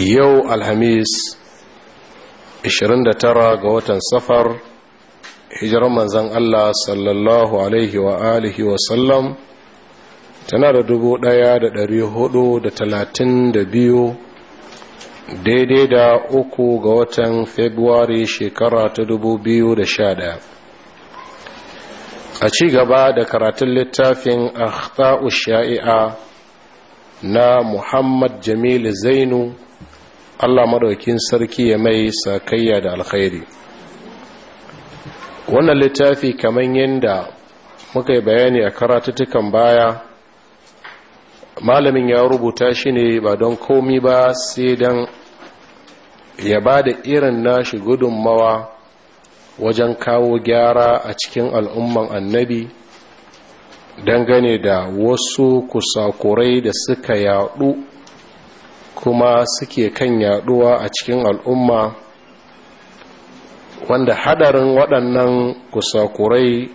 yau alhamis 29 ga watan safar hijirar manzan Allah sallallahu alaihi wa alihi wa sallam tana da biyu daidai da uku ga watan februari shekara ta da ɗaya. a ci gaba da karatun littafin akhtau sha'i'a na muhammad Jamilu zainu Allah maɗaukin sarki ya mai sakayya da alkhairi wannan littafi kamar yadda muka yi bayani a karatattukan baya malamin ya rubuta shi ne ba don komi ba sai don ya ba da irin nashi gudunmawa wajen kawo gyara a cikin al'umman annabi dangane da wasu kusakurai da suka yaɗu. kuma suke kan yaduwa a cikin al'umma wanda hadarin waɗannan kusakurai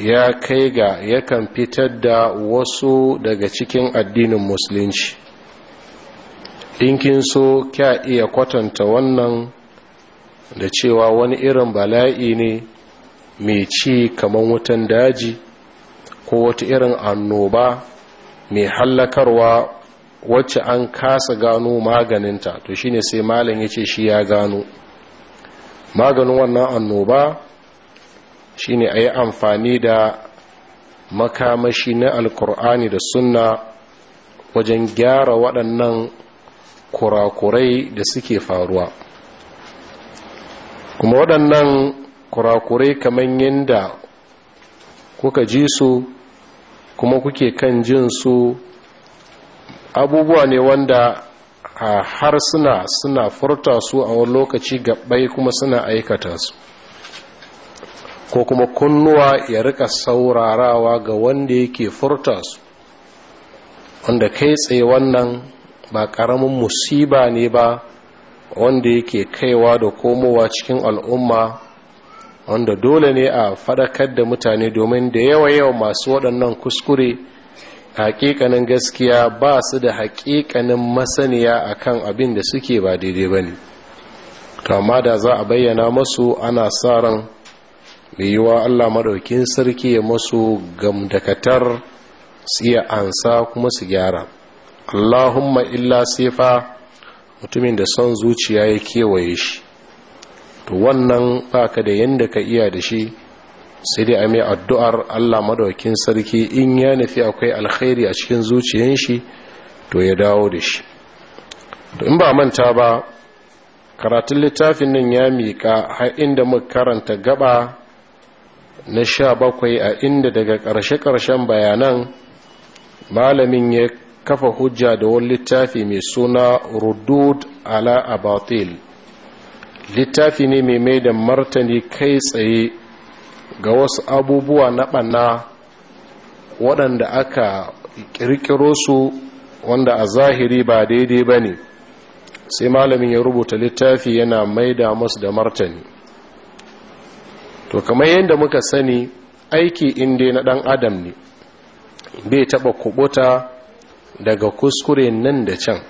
ya kai ga yakan fitar da wasu daga cikin addinin musulunci ɗinkin so kya iya kwatanta wannan da cewa wani irin bala'i ne mai ci kamar wutan daji ko wata irin annoba mai hallakarwa wacce an kasa gano maganinta to shine sai malam ya ce shi ya gano maganin wannan annoba shine a yi amfani da makamashi na alkur'ani da sunna wajen gyara waɗannan kurakurai da suke faruwa kuma waɗannan kurakurai kamar yadda kuka ji su kuma kuke kan jin su abubuwa ne wanda a harsuna suna furta su a wani lokaci gabbai kuma suna aikata su ko kuma kunnuwa ya rika saurarawa ga wanda yake furta su wanda kai tsaye wannan ba ƙaramin musiba ne ba wanda yake kaiwa da komowa cikin al'umma wanda dole ne a fadakar da mutane domin da yawa yawa masu waɗannan kuskure hakikanin gaskiya ba su da hakikanin masaniya akan abin da suke ba daidai ba ne kama da za a bayyana masu ana sa ran yiwuwa allah maɗaukin sarki ya masu gamdakatar su iya ansa kuma su gyara allahumma illa sifa mutumin da son zuciya ya kewaye shi to wannan baka da yadda ka iya da shi sai dai a mai addu'ar Allah maɗaukin sarki in ya nufi akwai alkhairi a cikin zuciyen shi to ya dawo da shi to in ba manta ba karatun littafin nan ya miƙa har inda muka karanta gaba na sha bakwai a inda daga ƙarshe-ƙarshen bayanan malamin ya kafa hujja da wani littafi mai suna rudud ala abatil littafi ne mai mai da martani kai tsaye ga wasu abubuwa na ɓanna waɗanda aka ƙirƙiro su wanda a zahiri ba daidai ba ne sai malamin ya rubuta littafi yana maida masu da martani to kamar yadda muka sani aiki inda na ɗan adam ne bai taɓa kubuta daga kuskure nan da can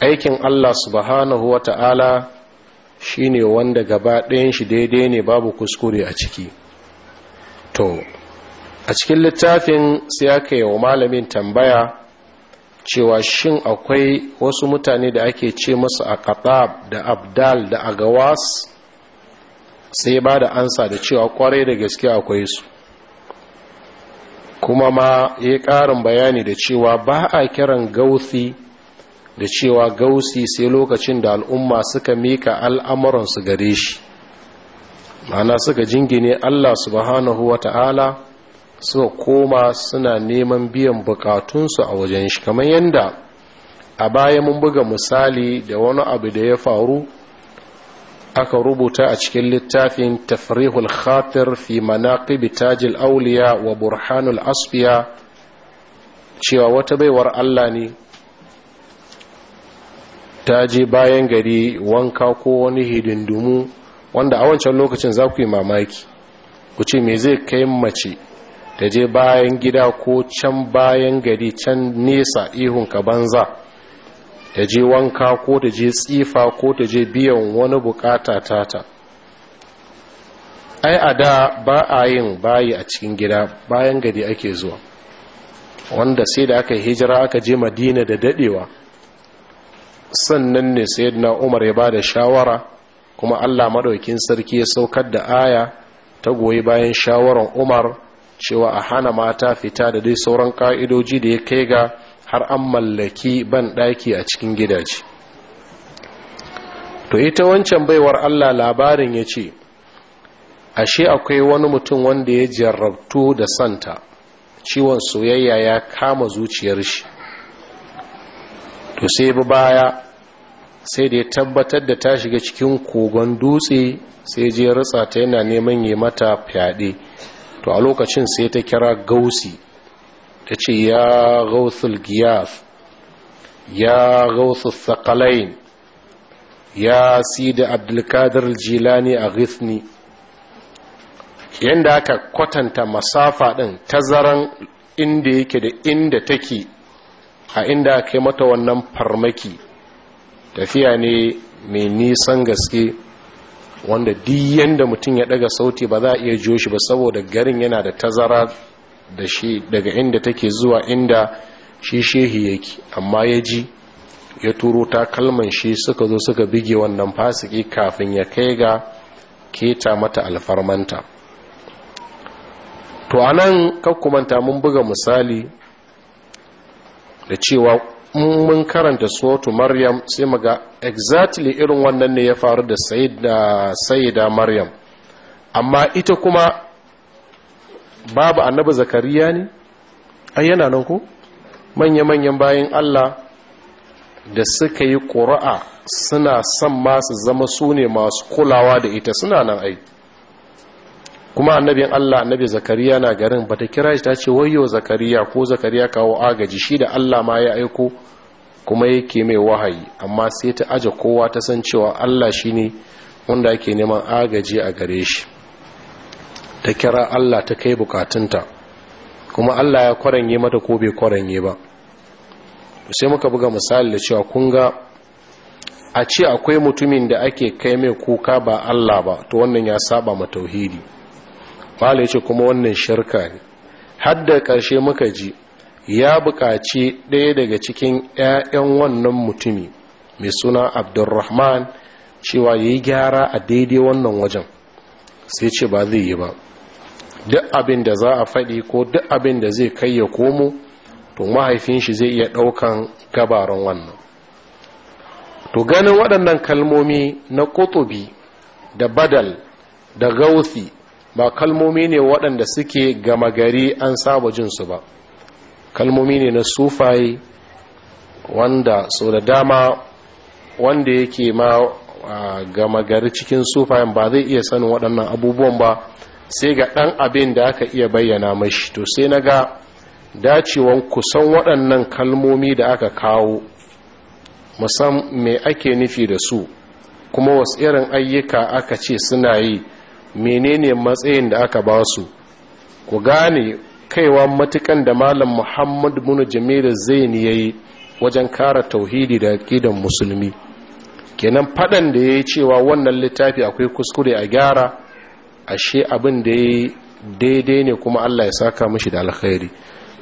aikin allah subhanahu wa ta'ala shine wanda gaba ɗayan shi daidai ne babu kuskure a ciki to a cikin littafin sai aka yi wa malamin tambaya cewa shin akwai wasu mutane da ake ce masu a katab da abdal da agawas sai ba da ansa da cewa kwarai da gaske akwai su kuma ma ya ƙarin bayani da cewa ba a kiran gauthi da cewa gausi sai lokacin da al'umma suka mika al'amuransu gare shi ma'ana suka jingine Allah subhanahu wa ta'ala suka koma suna neman biyan bukatunsu a wajen shi kamar yadda a baya mun buga misali da wani abu da ya faru aka rubuta a cikin littafin tafrihul khatir fi manaqib tajil auliya wa burhanul asfiya cewa wata baiwar Allah ne ta je bayan gari wanka ko wani hidindumu wanda a wancan lokacin za ku yi mamaki ku ce me zai kai mace ta je bayan gida ko can bayan gari can nesa ihun ka banza ta je wanka ko ta je tsifa ko ta je biyan wani bukata tata ai a da ba a yin bayi a cikin gida bayan gari ake zuwa wanda sai da aka hijira aka je madina da dadewa sannan ne sayyidina umar ya bada shawara kuma allah maɗaukin sarki ya saukar da aya ta goyi bayan shawaran umar cewa a hana mata fita da dai sauran ƙa'idoji da ya kai ga har an mallaki ban ɗaki a cikin gidaje to ita wancan baiwar allah labarin ya ce ashe akwai wani mutum wanda ya jarrabtu da santa ciwon soyayya ya kama zuciyar shi to sai bi baya sai da ya tabbatar da ta shiga cikin kogon dutse sai je ritsa ta yana neman yi mata fyaɗe to a lokacin sai ta kira gausi ta ce ya gausul Giyas, ya gausul sakalain ya da abdulkadir jilani a gisni yadda aka kwatanta masafa ɗin tazaran inda yake da inda take a inda kai mata wannan farmaki tafiya ne mai nisan gaske wanda diyan da mutum ya daga sauti ba za a iya jiyo shi ba saboda garin yana da tazara da shi daga inda take zuwa inda shi shehi yake amma ya ji ya turo takalman shi suka zo suka bige wannan fasiki kafin ya kai ga keta mata alfarmanta to anan kakkumanta mun buga misali da cewa mun karanta Sotu maryam sai mu exactly irin wannan ne ya faru da sayyida maryam amma ita kuma babu annabi zakariya ne ai yana nan ko manya-manyan bayan Allah da suka yi ƙura'a suna son masu zama su ne masu kulawa da ita suna nan aiki kuma annabin Allah annabi zakariya na garin bata kira shi ta ce wayo zakariya ko zakariya kawo agaji shi da Allah ma ya aiko kuma yake mai wahayi amma sai ta aje kowa ta san cewa Allah shine wanda ake neman agaji a gare shi ta kira Allah ta kai bukatunta kuma Allah ya kwaranye mata ko bai kwaranye ba sai muka buga misali da cewa kun ga a ce akwai mutumin da ake kai mai kuka ba Allah ba to wannan ya saba ma tauhidi mala ce kuma wannan shirka ne hadda ƙarshe muka ji ya buƙaci ɗaya daga cikin 'ya'yan wannan mutumi mai suna abdulrahman cewa ya yi gyara a daidai wannan wajen sai ce ba zai yi ba duk abin da za a faɗi ko duk abin da zai kai ya komo to mahaifin shi zai iya ɗaukan gabaran wannan to ganin waɗannan kalmomi na kotobi da badal da gausi ba kalmomi ne waɗanda suke gama gari an saba jin su ba kalmomi ne na sufaye wanda so da dama wanda yake ma gama gari cikin sufayen ba zai iya sanin waɗannan abubuwan ba sai ga ɗan abin da aka iya bayyana mashi to sai na ga dacewan kusan waɗannan kalmomi da aka kawo musam me ake nufi da su kuma wasu irin ayyuka aka ce suna yi menene matsayin da aka ba su ku gane kaiwa matukan da malam muhammad bin jamilu zaini yayi wajen kara tauhidi da aqidan musulmi kenan fadan da yayi cewa wannan littafi akwai kuskure a gyara ashe abin da yayi daidai ne kuma Allah ya saka mishi da alkhairi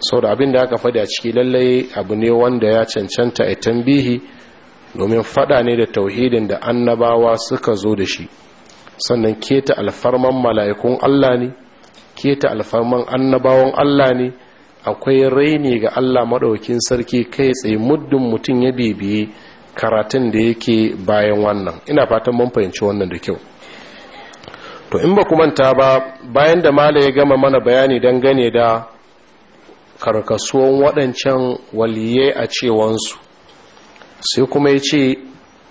saboda abin da aka faɗi a ciki lallai abu ne wanda ya cancanta a tambihi domin fada ne da tauhidin da annabawa suka zo da shi sannan keta alfarman mala'ikun Allah ne keta alfarman annabawan Allah ne akwai raini ga Allah maɗaukin sarki kai tsaye muddin mutum ya bibiye karatun da yake bayan wannan ina fatan mun fahimci wannan da kyau to in ba manta ba bayan da mala ya gama mana bayani dangane da karkasuwan waɗancan waliye a cewansu sai kuma ya ce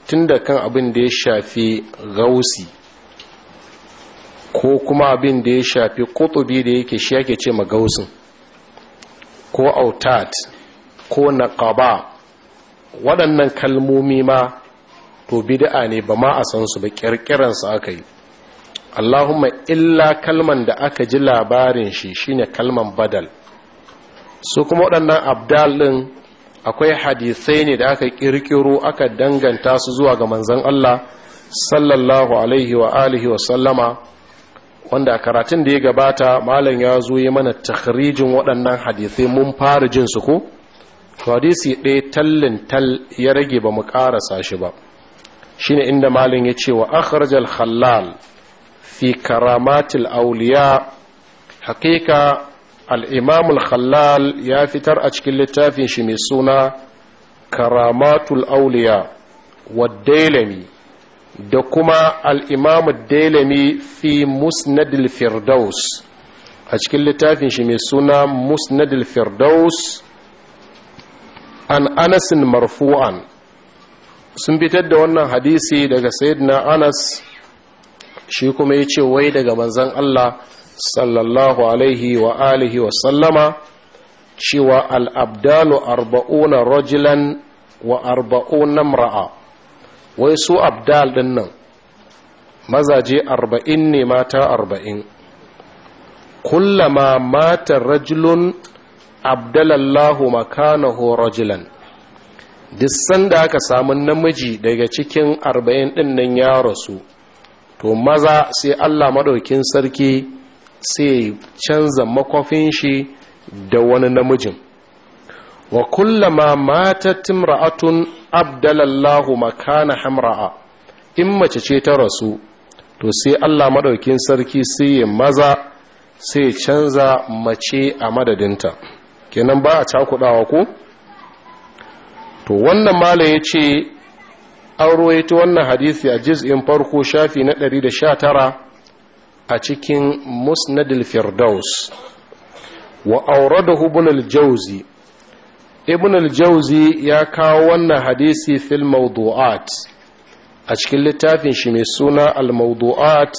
tun da kan abin da ya shafi gausi ko kuma abin da ya shafi kutubi da yake shi yake ce magausin ko autat ko naqaba waɗannan kalmomi ma to bid'a ne ba ma a san su ba kirkiran su aka yi Allahumma illa kalman da aka ji labarin shi shine kalman badal su kuma waɗannan abdal ɗin akwai hadisai ne da aka kirkiro aka danganta su zuwa ga manzon Allah sallallahu alaihi wa alihi wa sallama wanda a karatun da ya gabata malam ya zo yi mana takhrijin waɗannan hadisai mun fara jin su ko to hadisi ɗaya tallin tal ya rage ba mu ƙarasa shi ba shine inda malam ya ce wa akhrajal khallal fi karamatil auliya hakika al-imam khallal ya fitar a cikin littafin shi mai suna karamatul auliya wa dailami da kuma al'imamu dalami fi musnadil firdaus a cikin littafin shi mai suna musnadil firdaus an anasin marfu'an sun fitar da wannan hadisi daga sayyidina anas shi kuma ya ce wai daga manzan Allah sallallahu alaihi wa alihi wa sallama cewa al'abdalu arba'una rajulan wa arba'una mra'a wai su abdal din nan mazaje arba'in ne mata arba'in kullama mata rajulun abdalallahu makanahu rajulan duk sanda aka samu namiji daga cikin arba'in din nan ya rasu to maza sai allah maɗaukin sarki sai canza makofin shi da wani namijin wa kullama matat imra'atun abdalallahu makana hamra'a in mace ce ta rasu to sai Allah madaukin sarki sai ya maza sai ya canza mace a madadinta kenan ba a cakudawa ko to wannan mala yace ce an ruwaito wannan hadisi a juz'in farko shafi na 119 a cikin musnadil firdaus wa awradahu ibn jawzi ibn al-jauzi ya kawo wannan hadisi fil mawdu'at a cikin littafin shi mai suna al-mawdu'at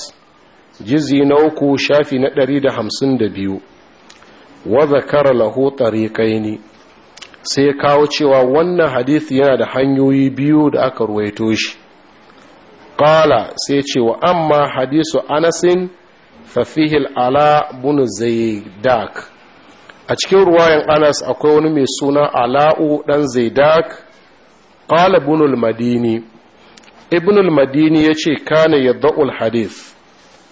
jizi na uku shafi na 152 wa zakara lahu tariqaini sai ya kawo cewa wannan hadisi yana da hanyoyi biyu da aka ruwaito shi qala sai ce wa amma hadisu anasin fa fihi al-ala bin a cikin ruwayan anas akwai wani mai suna ala'u dan zaidak qala ibn madini ibn al-madini yace kana daul hadith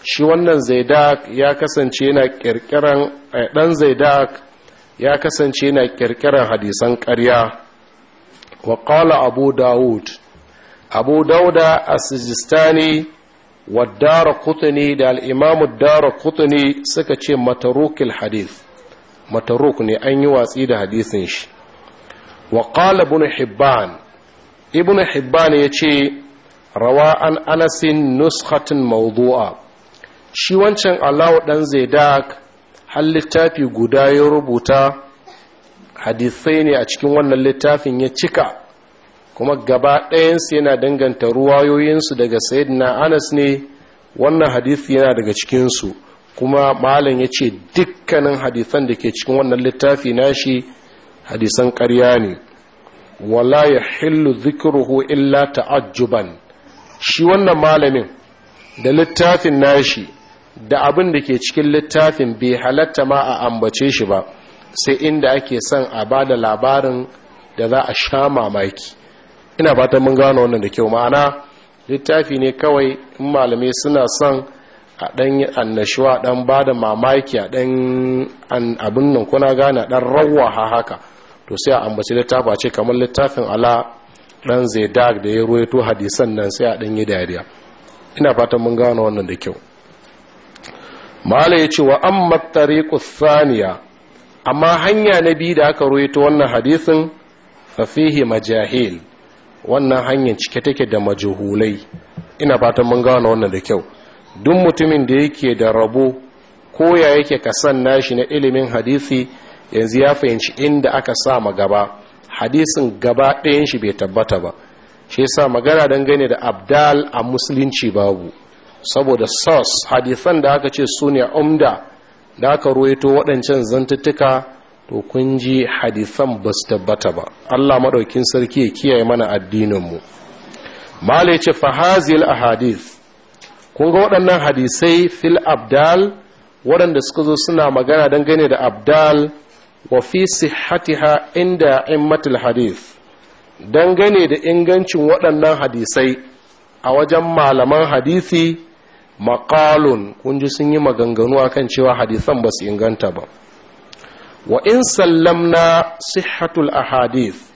shi wannan zaidak ya kasance yana kirkiran dan eh, zaidak ya kasance yana kirkiran hadisan ƙarya wa qala abu daud abu dauda as-sijistani wa ad da al-imam ad suka ce matarukil hadith mataruk ne an yi watsi da hadisin shi wa qala ibn hibban ibn hibban yace rawa an anasin nuskhatin mawdu'a shi wancan alawu dan zaidak har littafi guda ya rubuta hadisai ne a cikin wannan littafin ya cika kuma gaba ɗayansu yana danganta ruwayoyinsu daga sayidina anas ne wannan hadisi yana daga cikinsu kuma malam ya ce dukkanin hadisan da ke cikin wannan littafi nashi hadisan karya ne wala ya hillu zikiruhu illa ta'ajjuban shi wannan malamin da littafin nashi da abin da ke cikin littafin bai halatta ma a ambace shi ba sai inda ake son a ba da labarin da za a sha mamaki ina fatan mun gano wannan da kyau ma'ana littafi ne kawai in malamai suna son a ɗan annashuwa ɗan ba da mamaki a ɗan abin nan kuna gane ɗan rawaha haka to sai a ambaci littafa ce kamar littafin ala ɗan zedag da ya ruwaito hadisan nan sai a ɗan yi dariya ina fatan mun gane wannan da kyau mala ya ce wa an matare saniya amma hanya na biyu da aka ruwaito wannan hadisin fafihi majahil wannan hanyar cike take da majuhulai ina fatan mun gane wannan da kyau duk mutumin da yake da rabo koya ya yake kasan nashi na ilimin hadisi yanzu ya fahimci inda aka sa ma gaba hadisin gaba ɗayan shi bai tabbata ba shi yasa magana dangane da abdal a musulunci babu saboda sos hadisan da aka ce su ne umda da aka ruwaito waɗancan zantuttuka to kun ji hadisan ba su tabbata ba allah maɗaukin sarki ya kiyaye mana addininmu mu ya ce fahazil ahadith kun ga waɗannan hadisai fil abdal waɗanda suka zo suna magana dangane da abdal wa fi ha inda immatul hadith dangane da ingancin waɗannan hadisai a wajen malaman hadithi maƙalun kun ji sun yi maganganu akan cewa hadisan ba su inganta ba wa in sallamna sihatul ahadith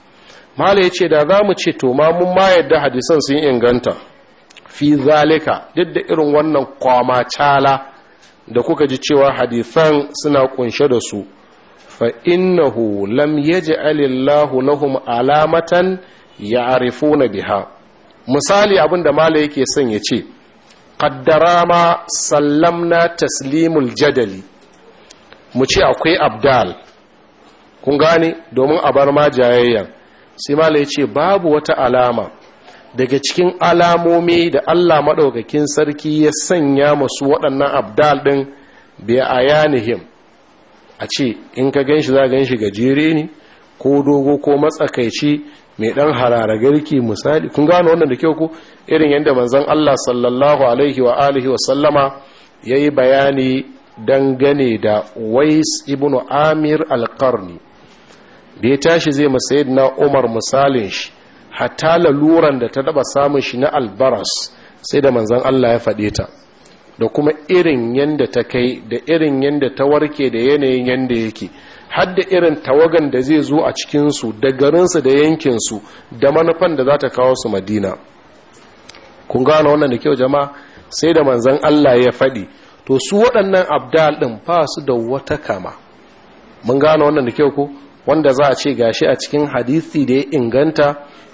mala ya ce da za mu ce to ma mun ma yadda hadisan sun inganta fi zalika duk da irin wannan kwamacala da kuka ji cewa hadisan suna kunshe da su fa innahu lam alillahu lahum alamatan ya'rifuna biha misali abinda mala yake son ya ce qaddara ma sallamna taslimul jadali mu ce akwai abdal kun gane domin a bar ma jayayyan sai mala ya ce babu wata alama daga cikin alamomi da Allah maɗaukakin sarki ya sanya masu waɗannan abdal ɗin biya a yanihim a ce in ka gan shi za gan shi gajere ne ko dogo ko matsakaici mai ɗan harara garki misali kun gano wannan da kyau ku? irin yadda manzan Allah sallallahu alaihi wa alihi wa sallama ya yi bayani dangane da Wais ibn Amir al-Qarni da ya tashi zai na Umar misalin shi hatta laluran da ta daɓa samun shi na albaras sai da manzan Allah ya faɗe ta da kuma irin yadda ta kai da irin yadda ta warke da yanayin yadda yake har da irin tawagan da zai zo a cikinsu da garinsu da yankinsu da manufan da za ta kawo su madina kun gano wannan da kyau jama'a sai da manzan Allah ya faɗi to su waɗannan abdal ɗin fa su da wata kama mun gano wannan da kyau ko wanda za a ce gashi a cikin hadisi da ya inganta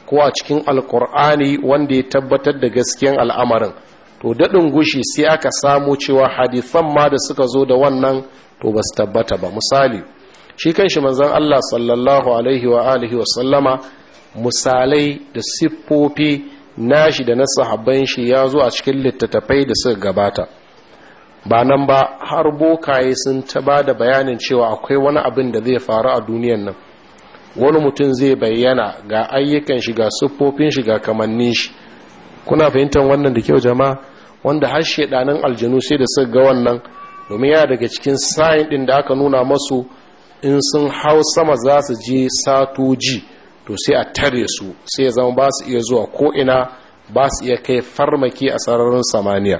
ko a cikin alkur'ani wanda ya tabbatar da gaskiyan al'amarin to daɗin gushi sai aka samu cewa hadithan ma da suka zo da wannan to ba su tabbata ba misali shi kan kanshi manzon Allah sallallahu alaihi wa alihi wa sallama misalai da siffofi nashi da na sahabban shi ya zo a cikin littattafai da suka gabata ba nan ba har bokaye sun ta da bayanin cewa akwai wani abin da zai faru a duniyan nan wani mutum zai bayyana ga ayyukan shiga ga siffofin shi ga kamannin shi kuna fahimtar wannan da kyau jama'a wanda har shedanin aljanu sai da suka ga wannan domin yana daga cikin sayin din da aka nuna masu in sun hau sama za su je satoji to sai a tare su sai ya zama ba su iya zuwa ko ina ba su iya kai farmaki a sararin samaniya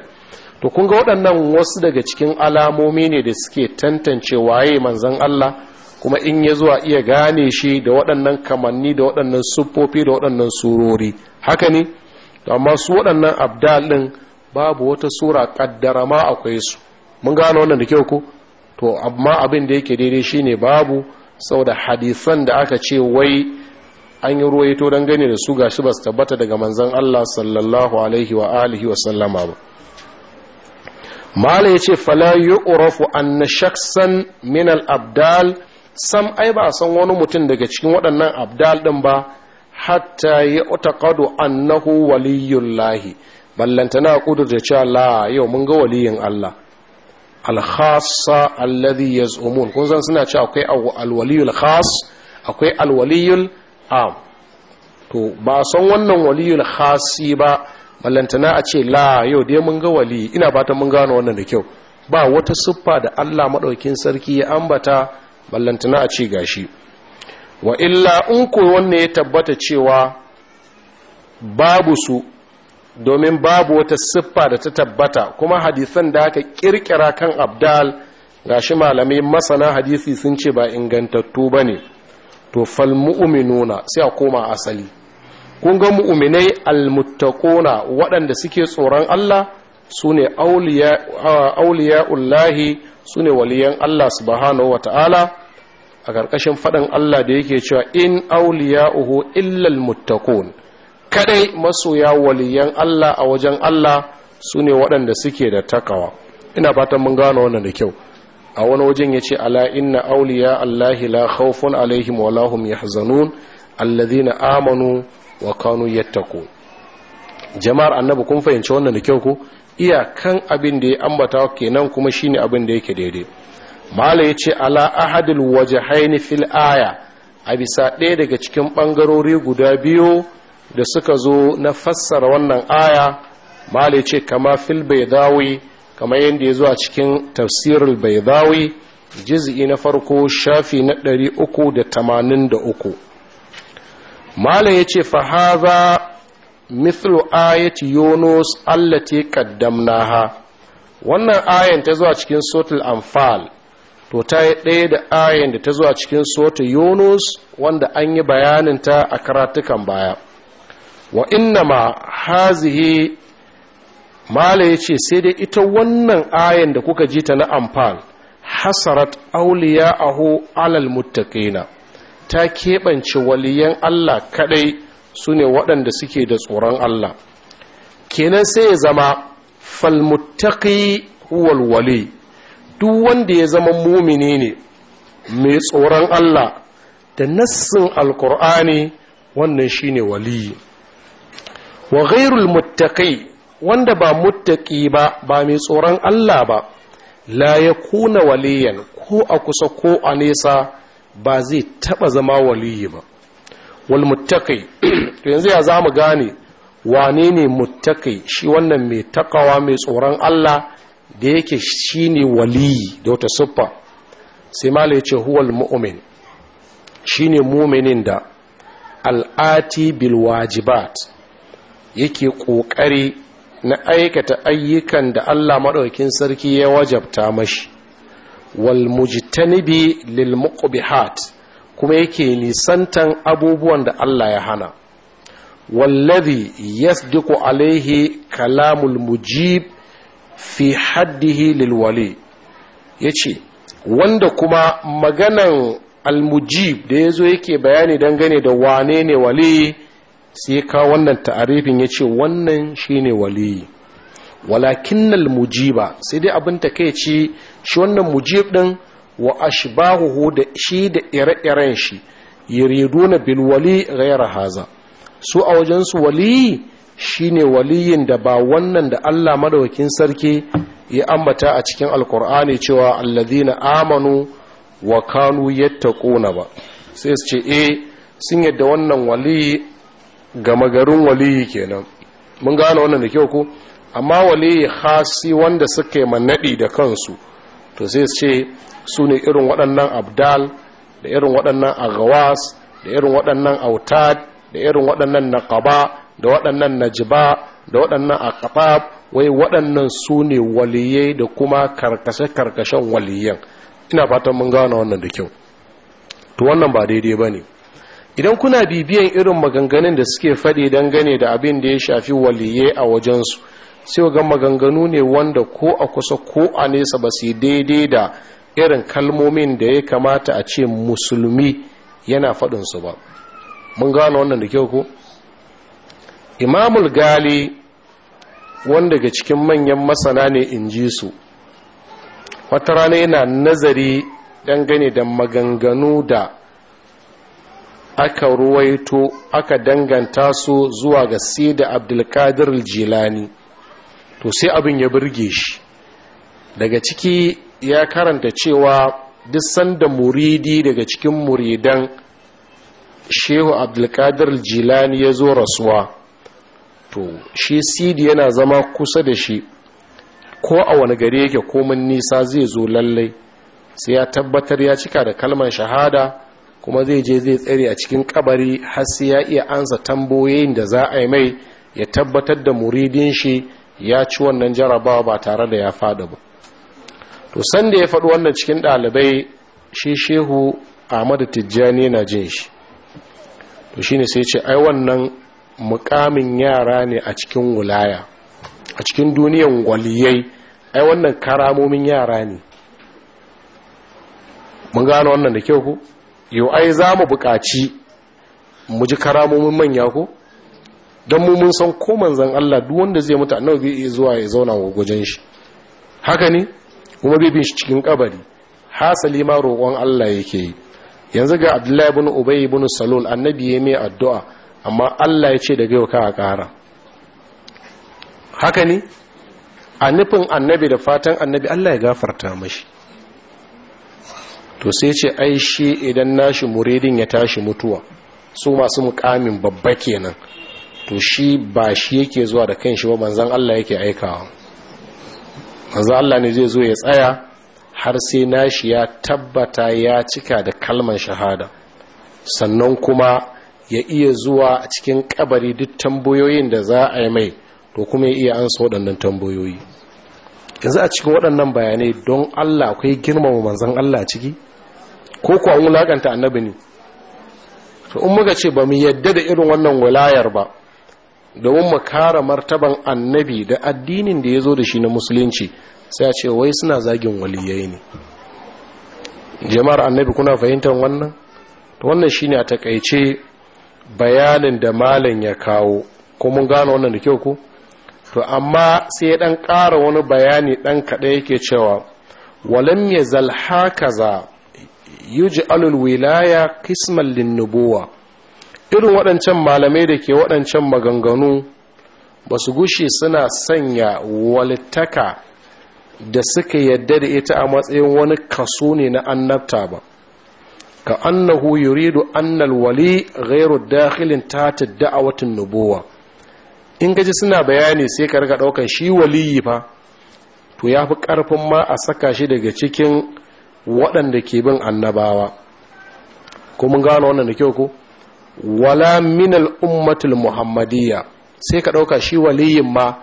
to kun ga waɗannan wasu daga cikin alamomi ne da suke tantance waye manzon Allah kuma in ya zuwa iya gane shi da waɗannan kamanni da waɗannan siffofi da waɗannan surori haka ne amma su waɗannan abdal ɗin babu wata sura ƙaddara ma akwai su mun gane wannan da kyau ko to amma abin da yake daidai shine babu sau da hadisan da aka ce wai an yi ruwa ruwaito don gane da su ga shi basu tabbata daga manzan Allah sallallahu alaihi wa alihi wa sallama ba mala ya fala yu'rafu anna shaksan min al-abdal sam ai ba san wani mutum daga cikin waɗannan abdal ɗin ba hatta ya utaqadu annahu na ballantana da cewa la yau mun ga waliyin Allah al-khassa alladhi yaz'umun kun san suna cewa akwai al khas akwai al am to ba san wannan waliyul khasi ba na a ce la yau dai mun ga wali ina fatan mun gano wannan da kyau ba wata siffa da Allah madaukin sarki ya ambata ballantana a ce gashi wa illa in ko wannan ya tabbata cewa babu su domin babu wata siffa da ta tabbata kuma hadisan da aka kirkira kan abdal gashi malamai masana hadisi sun ce ba ingantattu ba ne to fal mu'minuna sai a koma asali kun ga mu'minai almuttaquna waɗanda suke tsoron Allah su ne auliya ullahi su ne waliyan Allah subhanahu wa ta'ala a ƙarƙashin faɗin Allah da yake cewa in auliya uhu illal muttaqun kadai masoya waliyan Allah a wajen Allah su ne waɗanda suke da takawa ina fatan mun gano wannan da kyau a wani wajen ya ce ala inna auliya Allahi la khawfun alaihim wa lahum yahzanun alladhina amanu wa kanu yattaqun jama'ar annabi kun fahimci wannan da kyau ko iyakan abin da ya ambata kenan kuma shine abin da yake daidai mala ya ce ala ahadil wajahaini fil aya a bisa ɗaya daga cikin ɓangarori guda biyu da suka zo na fassara wannan aya mala ya ce kama fil baidawi kama yadda ya zuwa cikin cikin tafsirul baidawi jiz'i na farko shafi na ɗari uku da da tamanin uku mala ya ce fahaza mithlu ayati yunus allati qaddamnaha wannan ayan ta zuwa cikin suratul anfal to ta yi ɗaya da ayan da ta zuwa cikin suratul yunus wanda an yi bayanin ta a karatukan baya wa innama hazihi mala yace sai dai ita wannan ayan da kuka ji ta na anfal hasarat aho alal muttaqina ta keɓance waliyan Allah kaɗai. su ne waɗanda suke da tsoron Allah kenan sai ya zama falmuttaki huwal duk wanda ya zama mumini ne mai tsoron Allah da nassin alkur'ani wannan shine wali wa ghairul muttaki wanda ba muttaki ba ba mai tsoron Allah ba la ya kuna waliyan ko a kusa ko a nesa ba zai taɓa zama waliyi ba wal to yanzu ya zamu gane wane ne muttaqi shi wannan mai takawa mai tsoron Allah da yake ne waliyi da wata siffa sai mala ce huwal mu'min ne mu'minin da al'ati bil wajibat yake ƙoƙari na aikata ayyukan da Allah maɗaukin sarki ya wajabta mashi wal mujtanibi lil muqbihat kuma yake nisantan abubuwan da Allah ya hana wallazi yasdiqu alaihi kalamul mujib fi haddihi lilwali yace wanda kuma maganan almujib da yazo yake bayani dangane da wane ne wali sai ka wannan ta'arifin yace wannan shine wali walakinnal mujiba sai dai abin takeici shi wannan mujib din wa ashbahuhu da shi da ire-iren shi yuriduna bil wali ghayra haza su a wajen su wali shine waliyin da ba wannan da Allah madaukin sarki ya ambata a cikin alkur'ani cewa alladhina amanu wa kanu yattaquna ba sai su ce eh sun yadda wannan wali gama garin wali kenan mun gane wannan da kyau ko amma waliyi khasi wanda suka yi manadi da kansu to sai su ce su ne irin waɗannan abdal da irin waɗannan agawas da irin waɗannan autad da irin waɗannan naqaba da waɗannan najiba da waɗannan aqtab wai waɗannan su ne waliyai da kuma karkashe-karkashen waliyan ina fatan mun gano wannan da kyau to wannan ba daidai ba ne idan kuna bibiyan irin maganganun da suke faɗi dangane da abin da ya shafi waliye a wajensu sai ga maganganu ne wanda ko a kusa ko a nesa ba su daidai da irin kalmomin da ya kamata a ce musulmi yana faɗinsu ba mun gano wannan da kyau ko imamul gali wanda daga cikin manyan masana ne in ji su wata rana yana nazari dangane da maganganu da aka ruwaito aka danganta su zuwa ga da abdulkadir jilani to sai abin ya burge shi daga ciki ya karanta cewa duk sanda muridi daga cikin muridan shehu abdulkadir jilani ya zo rasuwa to shi sidi yana zama kusa da shi ko a wani gare yake komin nisa zai zo lallai sai ya tabbatar ya cika da kalmar shahada kuma zai je zai tsere a cikin kabari har sai ya iya ansa tambayoyin da za a yi mai ya tabbatar da muridin shi ya ci wannan jarabawa ba tare da ya fada ba to sanda ya faɗi wannan cikin ɗalibai shi shehu ahmadu tijjani na jin shi to shine sai ce ai wannan mukamin yara ne a cikin wulaya a cikin duniyan waliyai ai wannan karamomin yara ne mun gano wannan da kyau ku yau ai za mu buƙaci mu ji karamomin manya ku don mu mun san ko manzan Allah duk wanda zai mutu annabi bai zuwa ya zauna wa wajen shi haka ne kuma bibin shi cikin kabari hasali ma roƙon Allah yake yi yanzu ga Abdullahi ibn Ubay ibn Salul annabi ya mai addu'a amma Allah ya ce daga yau ka ƙara haka ne a nufin annabi da fatan annabi Allah ya gafarta mashi to sai ce ai shi idan nashi muridin ya tashi mutuwa su masu mukamin babba kenan to shi ba shi yake zuwa da kanshi ba manzon Allah yake aikawa manzo Allah ne zai zo ya tsaya har sai nashi ya tabbata ya cika da kalman shahada sannan kuma ya iya zuwa a cikin kabari duk tambayoyin da za a yi mai to kuma ya iya ansa waɗannan tambayoyi yanzu a cikin waɗannan bayanai don Allah akwai girmama manzon Allah ciki ko kuwa wulakanta annabi ne to in muka ce ba mu yadda da irin wannan wilayar ba domin mu kara martaban annabi da addinin da ya zo da shi na musulunci sai a ce wai suna zagin waliyai ne jama'ar annabi kuna fahimtar wannan wannan shine a takaice bayanin da malam ya kawo ko mun gano wannan da kyau ko to amma sai ya dan kara wani bayani dan kaɗai yake cewa walam yazal hakaza yuj'alul wilaya qisman lin-nubuwah irin waɗancan malamai da ke waɗancan maganganu ba su gushe suna sanya walittaka da suka yadda da ita a matsayin wani kaso ne na annabta ba ka annahu yuridu annal wali ghairu dakhilin ta da'awatin nubuwa in gaji suna bayani sai ka riga daukan shi waliyi fa to yafi karfin ma a saka shi daga cikin waɗanda ke bin annabawa ko mun gano wannan da kyau ko wala min al'ummatul muhammadiyya sai ka ɗauka shi waliyin ma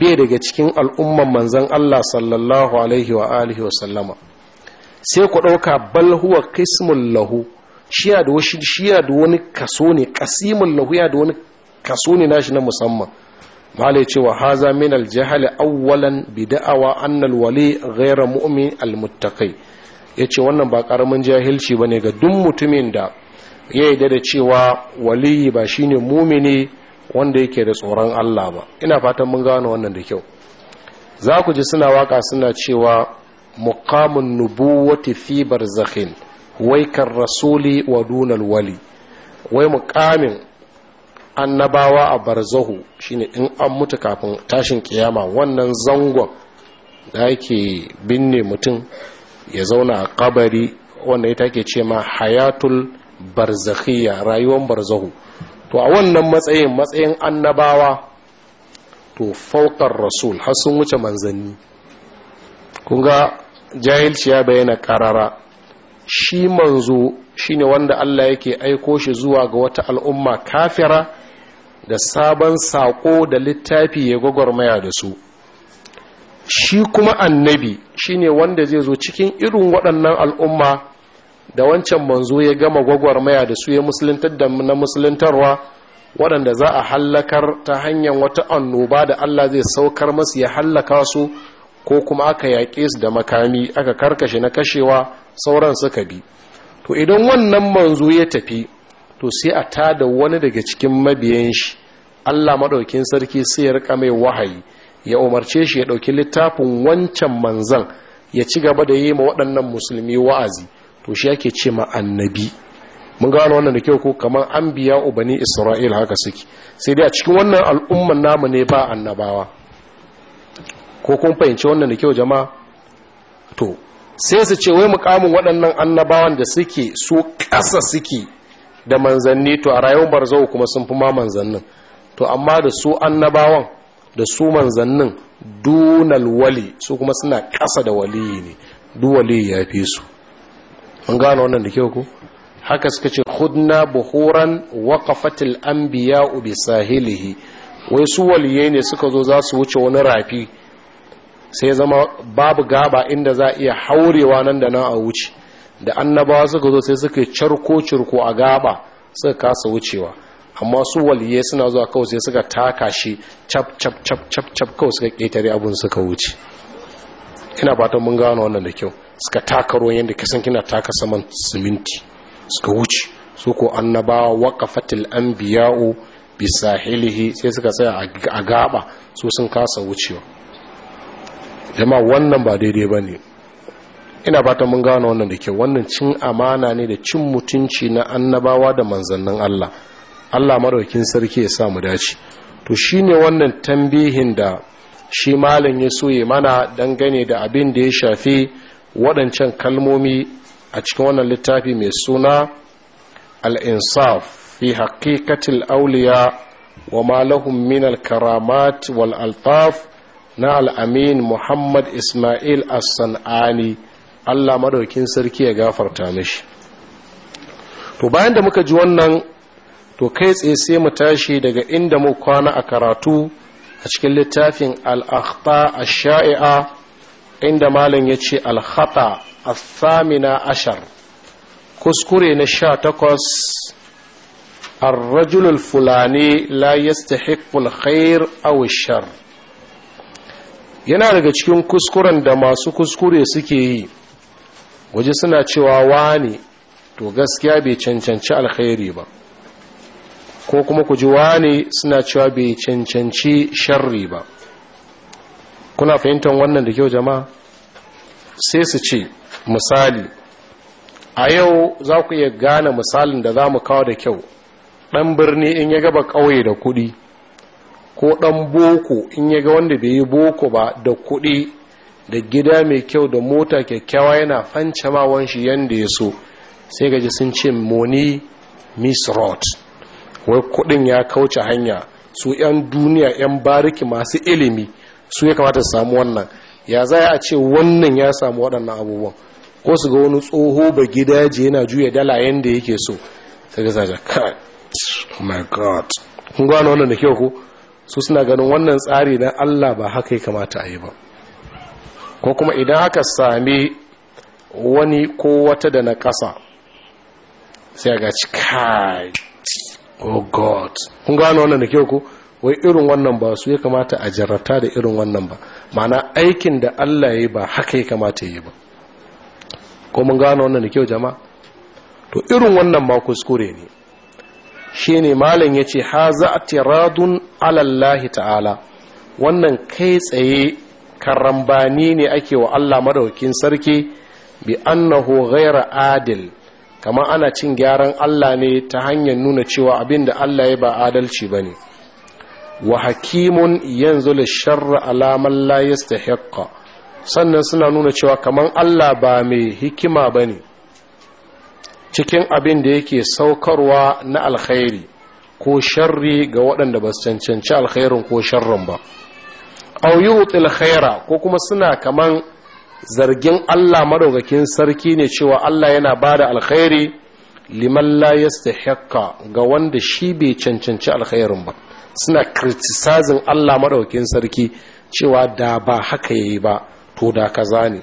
bai daga cikin al'umman manzan Allah sallallahu alaihi wa alihi wa sai ku ɗauka bal huwa kismun lahu shi da wani kaso ne kasimun lahu ya wani kaso ne nashi na musamman malai cewa haza min aljahali awwalan bida'awa annal wali ghayra mu'min almuttaqi yace wannan ba karamin jahilci bane ga duk mutumin da ya yi da cewa waliyi ba shine mumini wanda yake da tsoron Allah ba ina fatan mun gano wannan da kyau za ku ji suna waka suna cewa muqamun nubuwati fi barzakhin waikar rasuli wa dunal wali wai muqamin annabawa a barzahu shine in an mutu kafin tashin kiyama wannan zangon da yake binne mutum ya zauna a kabari wanda ita ke ce ma hayatul Barzakhiya rayuwar barzahu to a wannan matsayin matsayin annabawa to rasul har sun wuce manzanni kunga jahilci ya bayyana ƙarara shi manzo shine wanda Allah yake aiko shi zuwa ga wata al'umma kafira da sabon saƙo da littafi ya gwagwarmaya da su shi kuma annabi shine wanda zai zo cikin irin waɗannan al'umma da wancan manzo ya gama gwagwarmaya da su ya musuluntar da na musuluntarwa waɗanda za a hallakar ta hanyar wata annoba da Allah zai saukar masu ya hallaka su ko kuma aka yaƙe su da makami aka karkashe na kashewa sauran suka bi to idan wannan manzo ya tafi to sai a da wani daga cikin mabiyan shi Allah maɗaukin sarki sai ya rika mai wahayi ya umarce shi ya ɗauki littafin wancan manzan ya ci gaba da yi ma waɗannan musulmi wa'azi to shi yake ce ma annabi mun gano wannan da kyau ko kamar an biya ubani isra'ila haka suke sai dai a cikin wannan al'umman namu ne ba annabawa ko kun fahimci wannan da kyau jama'a to sai su ce wai mukamin waɗannan annabawan da suke su ƙasa suke da manzanni to a rayuwar barzau kuma sun fi ma manzannin to amma da su annabawan da su manzannin dunal wali su kuma suna ƙasa da wali ne du wali ya fi su mun gano wannan da kyau ko haka suka ce hudna buhuran waqafatil anbiya bi sahilihi wai su waliye ne suka zo za su wuce wani rafi sai zama babu gaba inda za iya haurewa nan da nan a wuce da annabawa suka zo sai suka carko cirko a gaba suka kasa wucewa amma su waliye suna zuwa kawai sai suka taka shi cap cap cap cap cap kawai suka ketare abun suka wuce ina fatan mun gano wannan da kyau suka taka ruwan yadda kasan kina taka saman siminti suka wuce su ko annabawa waqafatil anbiya'u bisa sahilihi sai suka tsaya a gaba su sun kasa wucewa jama'a wannan ba daidai bane ina fata mun gano wannan da kyau wannan cin amana ne da cin mutunci na annabawa da manzannin Allah Allah maraukin sarki ya sa mu dace to shine wannan tambihin da shi malam ya soye mana dangane da abin da ya shafi waɗancan kalmomi a cikin wannan littafi mai suna al'insaf fi haƙiƙatil auliya wa malahun min al-karamat wal altaf na al'amin muhammad ismail as-san'ani allah maɗaukin sarki ya gafarta mishi to bayan da muka ji wannan to kai tsaye sai mu tashi daga inda mu kwana a karatu a cikin littafin al'akhta a shaia inda malam ya ce alhata samina ashar kuskure na sha takwas la fulani لا يستحق الخير a الشر yana daga cikin kuskuren da masu kuskure suke yi waje suna cewa wani to gaskiya bai cancanci alkhairi ba ko kuma ku ji wani suna cewa bai cancanci sharri ba kuna fahimtar wannan da kyau jama'a sai su ce misali a yau za ku iya gane misalin da za mu kawo da kyau ɗan birni in ya gaba ƙauye da kuɗi ko ɗan boko in ya ga wanda bai yi boko ba da kuɗi da gida mai kyau da mota kyakkyawa yana fancamawan shi yadda ya so sai gaji sun ce moni miss rot wai kuɗin ya kauce hanya su 'yan duniya 'yan bariki masu ilimi su ya kamata su samu wannan ya za a ce wannan ya samu waɗannan abubuwan ko su ga wani tsoho ba gidaje yana juya dala yadda yake so sai ga sace oh my god kun gano wannan da kyau ko su suna ganin wannan tsari na Allah ba haka ya kamata a yi ba ko kuma idan aka sami wani ko wata da na ƙasa sai ga ci kai oh god kun gano wannan da kyau ko wai irin wannan ba su ya kamata a jarrata da irin wannan ba mana aikin da Allah ya ba haka ya kamata ya yi ba ko mun gano wannan da kyau jama? to irin wannan ma kuskure ne Shi ne malam yace haza a tiradun alallahi ta'ala wannan kai tsaye karambani ne ake wa Allah madaukin sarki bi annahu ghaira adil kamar ana cin gyaran Allah ne ta hanyar nuna cewa abinda Allah ya ba adalci bane ne wa hakimun yanzu lisharra alaman la hekka sannan suna nuna cewa kamar Allah ba mai hikima ba ne cikin abin da yake saukarwa na alkhairi ko sharri ga waɗanda ba su cancanci alkhairin ko sharrin ba aw yutil khaira ko kuma suna kamar zargin Allah madaukakin sarki ne cewa Allah yana bada alkhairi liman la yastahiqqa ga wanda shi bai cancanci alkhairin ba suna criticizing Allah maɗaukin sarki cewa da ba haka ya yi ba to da kaza ne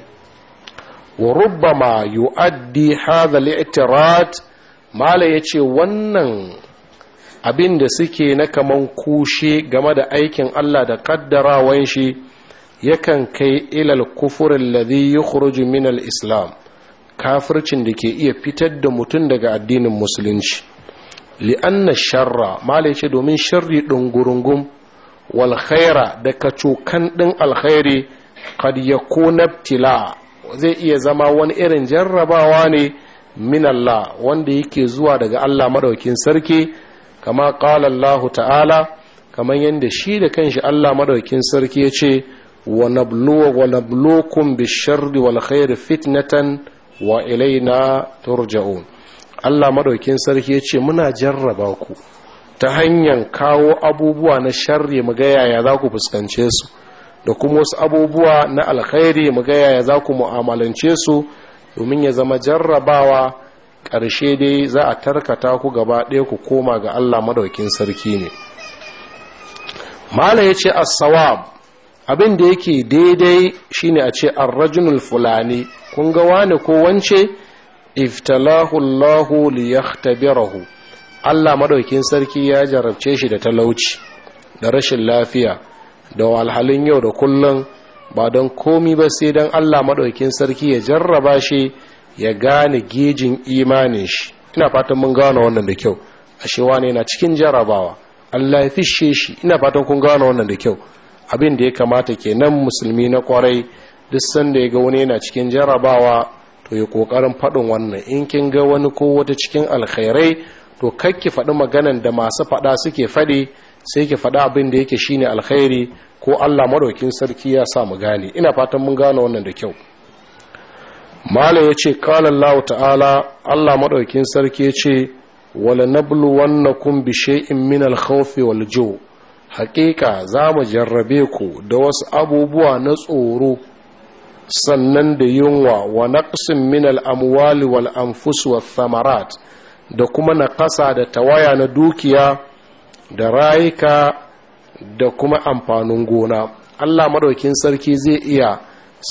wa rubbama yu'addi hadha li'tirat mala yace wannan abin da suke na kaman kushe game da aikin Allah da kaddarawan shi yakan kai ilal kufurin lazi yukhruju min al-islam kafircin da ke iya fitar da mutum daga addinin musulunci li'anna sharra malai ce domin sharri ɗin wal khaira da kacokan din alkhairi kad ko ibtila zai iya zama wani irin jarrabawa ne min Allah wanda yake zuwa daga Allah madaukin sarki kama qala Allah ta'ala kaman yadda shi da kanshi Allah madaukin sarki yace wa nabluwa wa nablukum bisharri wal khairi fitnatan wa ilaina turja'un Allah maɗaukin sarki ya ce muna jarraba ku ta hanyar kawo abubuwa na sharri mu ga yaya za ku fuskance su da kuma wasu abubuwa na alkhairi mu ga yaya za ku mu'amalance su domin ya zama jarrabawa ƙarshe dai za a tarkata ku gaba ɗaya ku koma ga Allah maɗaukin sarki ne mala yace as-sawab abin da yake daidai shine a ce ar-rajulul fulani kun ga wani ko wance iftalahu Allahu liyahtabirahu Allah madaukin sarki ya jarabce shi da talauci da rashin lafiya da walhalin yau da kullum ba don komi ba sai don Allah madaukin sarki ya jarraba shi ya gane gejin imanin shi ina fatan mun gano wannan da kyau ashe ne yana cikin jarrabawa Allah ya fishe shi ina fatan kun gano wannan da kyau abin da ya kamata kenan musulmi na kwarai duk sanda ya ga wani yana cikin jarrabawa to yi kokarin faɗin wannan in kin ga wani ko wata cikin alkhairai to ki faɗi maganan da masu faɗa suke faɗi sai ki faɗi abin da yake shine alkhairi ko Allah madaukin sarki ya sa mu gane ina fatan mun gane wannan da kyau malam yace qala Allah ta'ala Allah madaukin sarki yace wala wannakum bi shay'in min al-khawf wal-ju' haqiqa za mu jarrabe ku da wasu abubuwa na tsoro sannan da yunwa wa naqsin min al-amwali wal anfus wa thamarat da kuma naƙasa da tawaya na dukiya da rayuka da kuma amfanin gona Allah madaukin sarki zai iya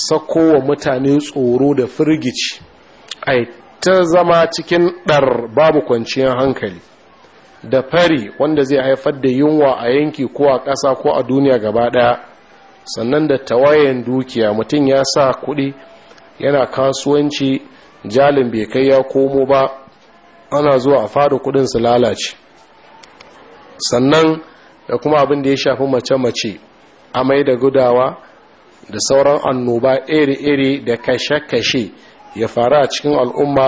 sako wa mutane tsoro da firgici ai ta zama cikin ɗar babu kwanciyar hankali da fari wanda zai haifar da yunwa a yanki ko a ƙasa ko a duniya gaba ɗaya sannan da tawayen dukiya mutum ya sa kuɗi yana kasuwanci jalin bai kai ya komo ba ana zuwa a fara kuɗin su lalace sannan da kuma abin da ya shafi mace-mace amai da gudawa da sauran annoba iri-iri da kashe-kashe ya faru a cikin al'umma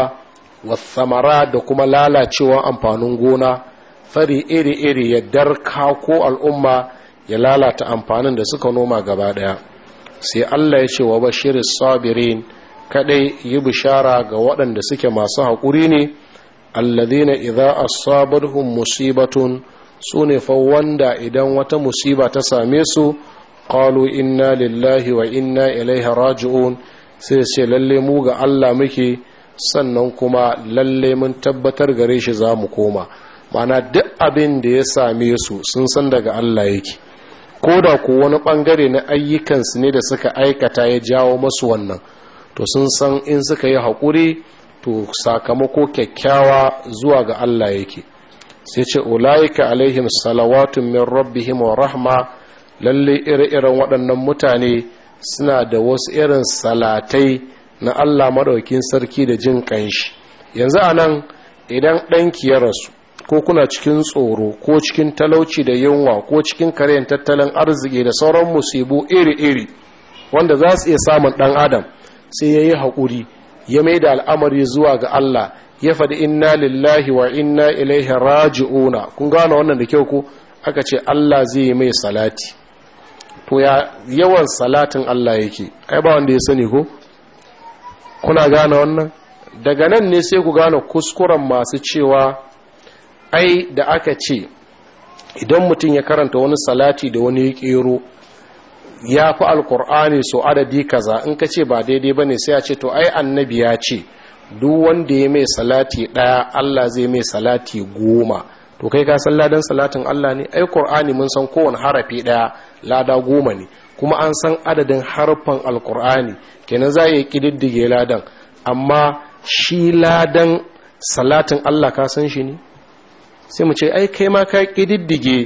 wasamara da kuma lalacewa amfanin gona fari iri-iri ya darka ko al'umma ya lalata amfanin da suka noma gaba daya sai Allah ya ce wa bashirin sabirin kadai yi bishara ga waɗanda suke masu haƙuri ne allazina idza asabarhum musibatun sune fa wanda idan wata musiba ta same su qalu inna lillahi wa inna ilaihi raji'un sai ce lalle mu ga Allah muke sannan kuma lalle mun tabbatar gare shi za mu koma mana duk abin da ya same su sun san daga Allah yake ko da ko wani bangare na ayyukansu ne da suka aikata ya jawo masu wannan to sun san in suka yi haƙuri to sakamako kyakkyawa zuwa ga Allah yake sai ce ulaika alaihim salawatun min rabbihim wa rahma lalle ire-iren waɗannan mutane suna da wasu irin salatai na Allah madaukin sarki da jin ƙanshi. yanzu anan idan ɗanki ya rasu ko kuna cikin tsoro ko cikin talauci da yunwa ko cikin karen tattalin arziki da sauran musibu iri-iri wanda za su iya samun ɗan adam sai ya yi haƙuri ya mai da al'amari zuwa ga Allah ya faɗi inna lillahi wa inna ilaihi raji'una kun gano wannan da kyau ko aka ce Allah zai yi mai salati to ya yawan salatin Allah yake ai ba wanda ya sani ko kuna gane wannan daga nan ne sai ku gane kuskuren masu cewa ai da aka ce idan mutum ya karanta wani salati da wani ƙero kero ya fi alkur'ani so adadi kaza in ka ce ba daidai ba ne sai ya ce to ai annabi ya ce duk wanda ya mai salati ɗaya allah zai mai salati goma to kai ka san ladan salatin allah ne ai kur'ani mun san kowane harafi ɗaya lada goma ne kuma an san adadin harfan alkur'ani kenan za ya ƙididdige ladan amma shi ladan salatin allah ka san shi ne sai mu ce ai kai ma ka kididdige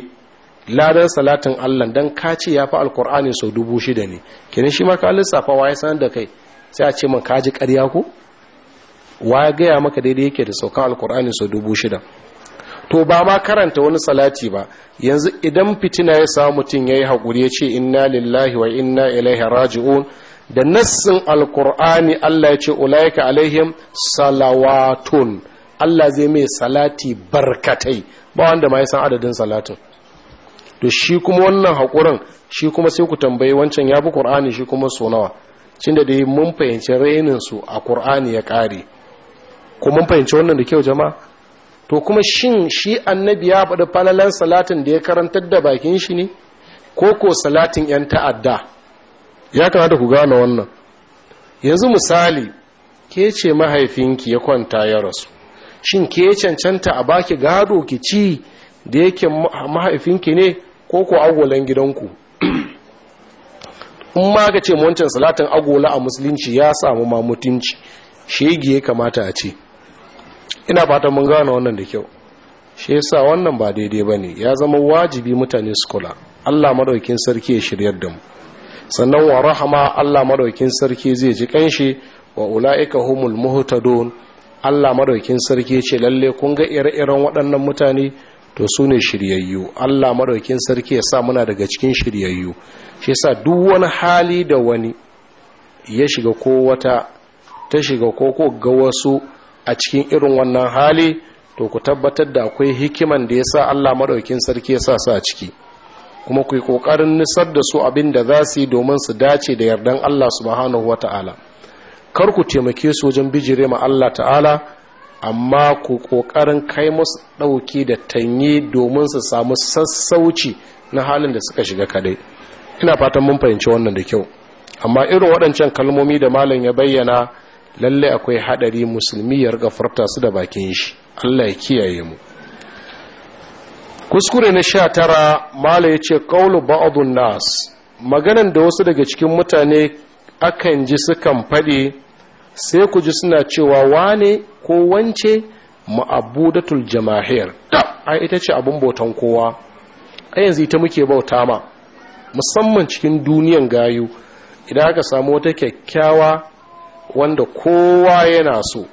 ladan salatin Allah dan ka ce ya fi alkur'ani sau dubu shida ne kenan shi ma ka lissafa waye sanar da kai sai a ce min ka ji ƙarya ko ga gaya maka daidai yake da saukan alkur'ani sau dubu shida to ba ma karanta wani salati ba yanzu idan fitina ya samu mutum yayi hakuri haƙuri ya ce inna lillahi wa inna ilaihi raji'un da nassin alkur'ani allah ya ce ulaika alaihim salawatun Allah zai mai salati barkatai ba wanda ma ya san adadin salatin to shi kuma wannan haƙurin shi kuma sai ku tambayi wancan ya bi ƙur'ani shi kuma so nawa cin da dai mun fahimci rainin su a ƙur'ani ya ƙare ko mun fahimci wannan da kyau jama'a to kuma shin shi annabi ya faɗi falalan salatin da ya karantar da bakin shi ne ko ko salatin 'yan ta'adda ya kamata ku gane wannan yanzu misali ke ce mahaifinki ya kwanta ya rasu shin ke cancanta a baki gado ki ci da yake mahaifinki ne ko ko agolan gidanku in ma ka ce wancan salatin agola a musulunci ya samu ma mutunci shege ya kamata a ce ina fatan mun gane wannan da kyau shi yasa wannan ba daidai ba ne. ya zama wajibi mutane su kula Allah madaukin sarki ya shiryar da mu sannan wa rahama Allah madaukin sarki zai ji kanshi wa ulaika humul muhtadun Allah madaukin sarki ce lalle kun ga ire-iren waɗannan mutane to su ne shiryayyu Allah madaukin sarki ya sa muna daga cikin shiryayyu shi yasa duk wani hali da wani ya shiga ko wata ta shiga ko ko ga wasu a cikin irin wannan hali to ku tabbatar da akwai hikiman da yasa Allah madaukin sarki ya sa su a ciki kuma ku yi kokarin nisar da su abin da za su yi domin su dace da yardan Allah subhanahu wataala kar ku taimake su wajen bijire ma Allah ta'ala amma ku kokarin kai musu ɗauki da tanye domin su samu sassauci na halin da suka shiga kadai ina fatan mun fahimci wannan da kyau amma irin waɗancan kalmomi da malam ya bayyana lallai akwai haɗari musulmi ya riga furta su da bakin shi Allah ya kiyaye mu kuskure na sha tara Malam ya ce kaulu ba'adun nas maganan da wasu daga cikin mutane akan ji sukan faɗi sai ku ji suna cewa wane ko wance ma'abudatul jamahir ai ita ce abin bautan kowa a yanzu ita muke bauta ma musamman cikin duniyan gayu idan aka samu wata kyakkyawa wanda kowa yana so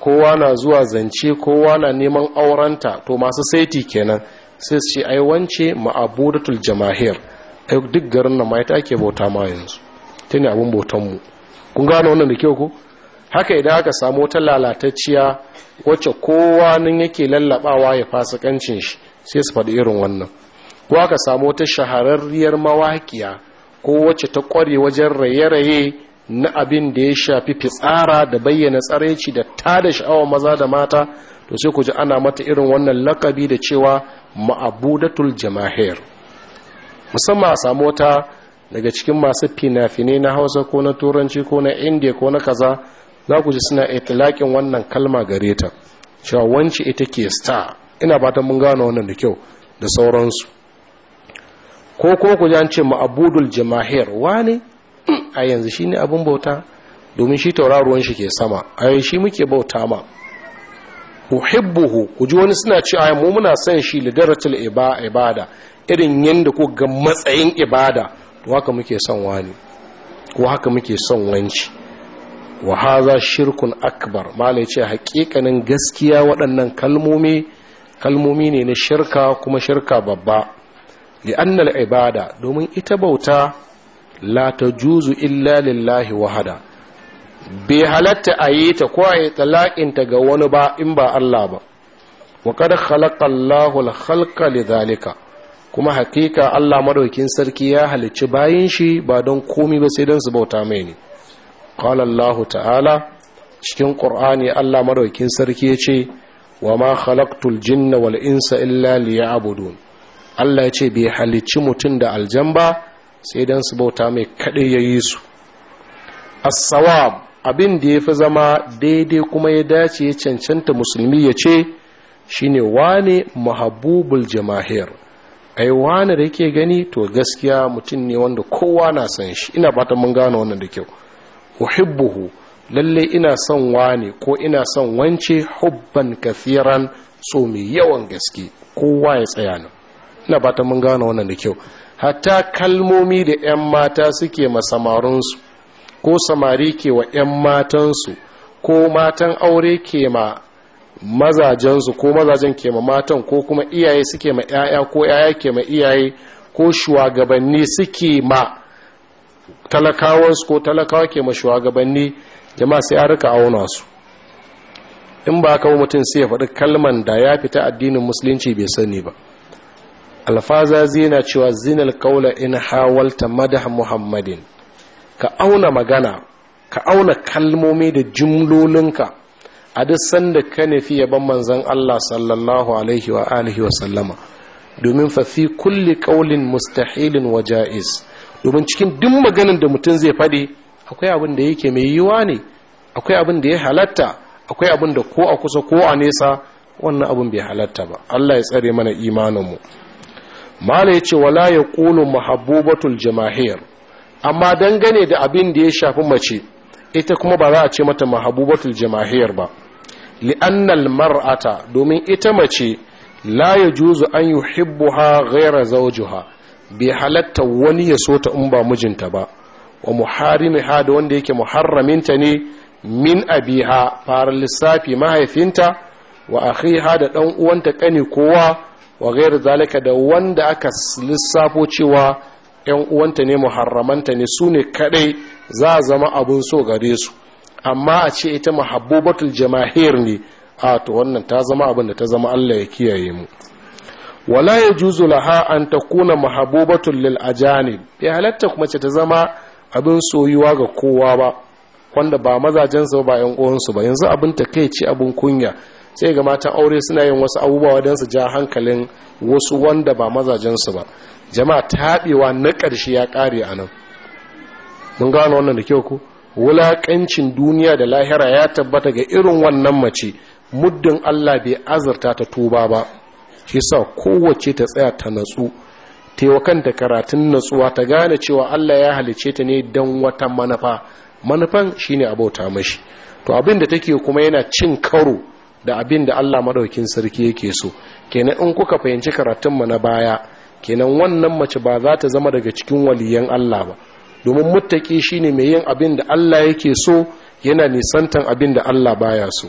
kowa na zuwa zance kowa na neman aurenta to masu saiti kenan sai su ce ai wance ma'abudatul jamahir ai duk garin na ma ita ake bauta ma yanzu tana abin bautanmu mu kun gano wannan da kyau ko haka idan aka samu wata lalatacciya wacce kowa nan yake lallabawa ya fasa fasikancin shi sai su faɗi irin wannan ko aka samu wata shahararriyar mawaƙiya ko wacce ta ƙware wajen raye-raye na abin da ya shafi fitsara da bayyana tsaraici da ta da sha'awar maza da mata to sai ku ji ana mata irin wannan lakabi da cewa ma'abudatul jamahir musamman a samu wata daga cikin masu fina-finai na hausa ko na turanci ko na indiya ko na kaza za ku ji suna itilakin wannan kalma gare ta cewa wance ita ke star ina fatan mun gano wannan da kyau da sauransu ko ko ku ji an ce ma'abudul jama'ir wane a yanzu shi ne abin bauta domin shi tauraruwan shi ke sama a yi shi muke bauta ma uhibbuhu ku ji wani suna ce ai mu muna son shi lidaratul ibada irin yadda ku ga matsayin ibada to haka muke son wani ko haka muke son wanci wa haza shirkun akbar mala ya ce hakikanin gaskiya waɗannan kalmomi kalmomi ne na shirka kuma shirka babba li'annal ibada domin ita bauta la ta juzu illa lillahi wahada bai halatta a yi ta kwaye talaƙinta ga wani ba in ba Allah ba wa kada khalaqa Allahu al-khalqa lidhalika kuma hakika Allah madaukin sarki ya halicci bayan shi ba don komi ba sai don su bauta mai ne qala Allah ta'ala cikin ƙur'ani Allah madaukin sarki ya ce wa ma halaktul jinna wal insa illa liya'budun Allah ya ce bai halicci mutum da aljan ba sai don su bauta mai kaɗai ya yi su assawab abin da ya fi zama daidai kuma ya dace ya cancanta musulmi ya ce shine wane mahabubul jamahir ai wani da yake gani to gaskiya mutum ne wanda kowa na san shi ina fatan mun gane wannan da kyau uhibbuhu lalle ina son wani ko ina son wance hubban kathiran so mai yawan gaske kowa ya tsaya nan ina fatan mun gane wannan da kyau hatta kalmomi da 'yan mata suke masamarinsu ko samari ke wa 'yan matansu ko matan aure ke ma mazajensu ko mazajen ke ma matan ko kuma iyaye suke ma 'ya'ya ko 'ya'ya ke ma iyaye ko shugabanni suke ma talakawansu ko talakawa ke ma shugabanni jama'a sai an rika auna su in ba kawo mutum sai ya faɗi kalman da ya fita addinin musulunci bai sani ba alfaza zina cewa zinal kaula in hawalta madah muhammadin ka auna magana ka auna kalmomi da jumlolinka a duk sanda ka nufi yaban manzon Allah sallallahu alaihi wa alihi wa sallama domin fa fi kulli mustahilin wa jaiz domin cikin duk maganin da mutum zai faɗi akwai abin da yake mai yiwa ne akwai abin da ya halatta akwai abin da ko a kusa ko a nesa wannan abin bai halatta ba Allah ya tsare mana imaninmu mala ya ce wala ya ƙulu mahabubatul jamahir amma dangane da abin da ya shafi mace ita kuma ba za a ce mata mahabubatul jamahir ba li'annal mar'ata domin ita mace la yajuzu an yuhibbuha gaira zaujuha bai halatta wani ya so ta in ba mijinta ba wa ha da wanda yake muharraminta ne min abiha fara lissafi mahaifinta wa akhiha da dan uwanta kani kowa wa gaira zalika da wanda aka lissafo cewa yan uwanta ne muharramanta ne su ne kadai za a zama abun so gare su amma a ce ita mahabbobatul jama'ir ne a to wannan ta zama abin da ta zama Allah ya kiyaye mu wala ya yajuzu laha an ta kuna mahabbobatul lil ajanib ya halatta kuma ce ta zama abin soyuwa ga kowa ba wanda ba mazajensa ba yan uwansu ba yanzu abin ta ce abin kunya sai ga matan aure suna yin wasu abubuwa don su ja hankalin wasu wanda ba mazajen su ba jama'a taɓewa na ƙarshe ya ƙare a nan mun gano wannan da kyau ko. wulaƙancin duniya da lahira ya tabbata ga irin wannan mace muddin Allah bai azurta ta tuba ba shi sa kowace ta tsaya ta natsu kanta karatun natsuwa ta gane cewa Allah ya halice ta ne don wata manufa manufan shine abauta mashi to abin da take kuma yana cin karo da abin da Allah madaukin sarki yake so kenan in kuka fahimci karatun mu na baya kenan wannan mace ba za ta zama daga cikin waliyan Allah ba domin muttaki shine mai yin abin da Allah yake so yana nisantan abin da Allah baya so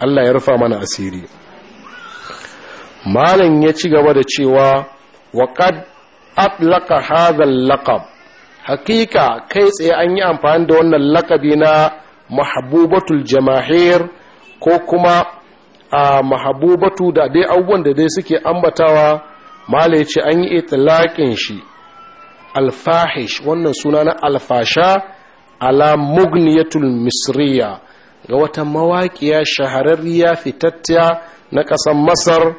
Allah ya rufa mana asiri malam ya ci gaba da cewa waqad atlaka hadha al-laqab hakika kai tsaye an yi amfani da wannan lakabi na mahabubatul jamahir ko kuma a mahabubatu da dai abubuwan da dai suke ambatawa ya ce an yi itilaƙin shi alfahish wannan suna na alfasha ala mugniyatul misriya ga wata mawaƙiya shahararriya fitattiya na ƙasar masar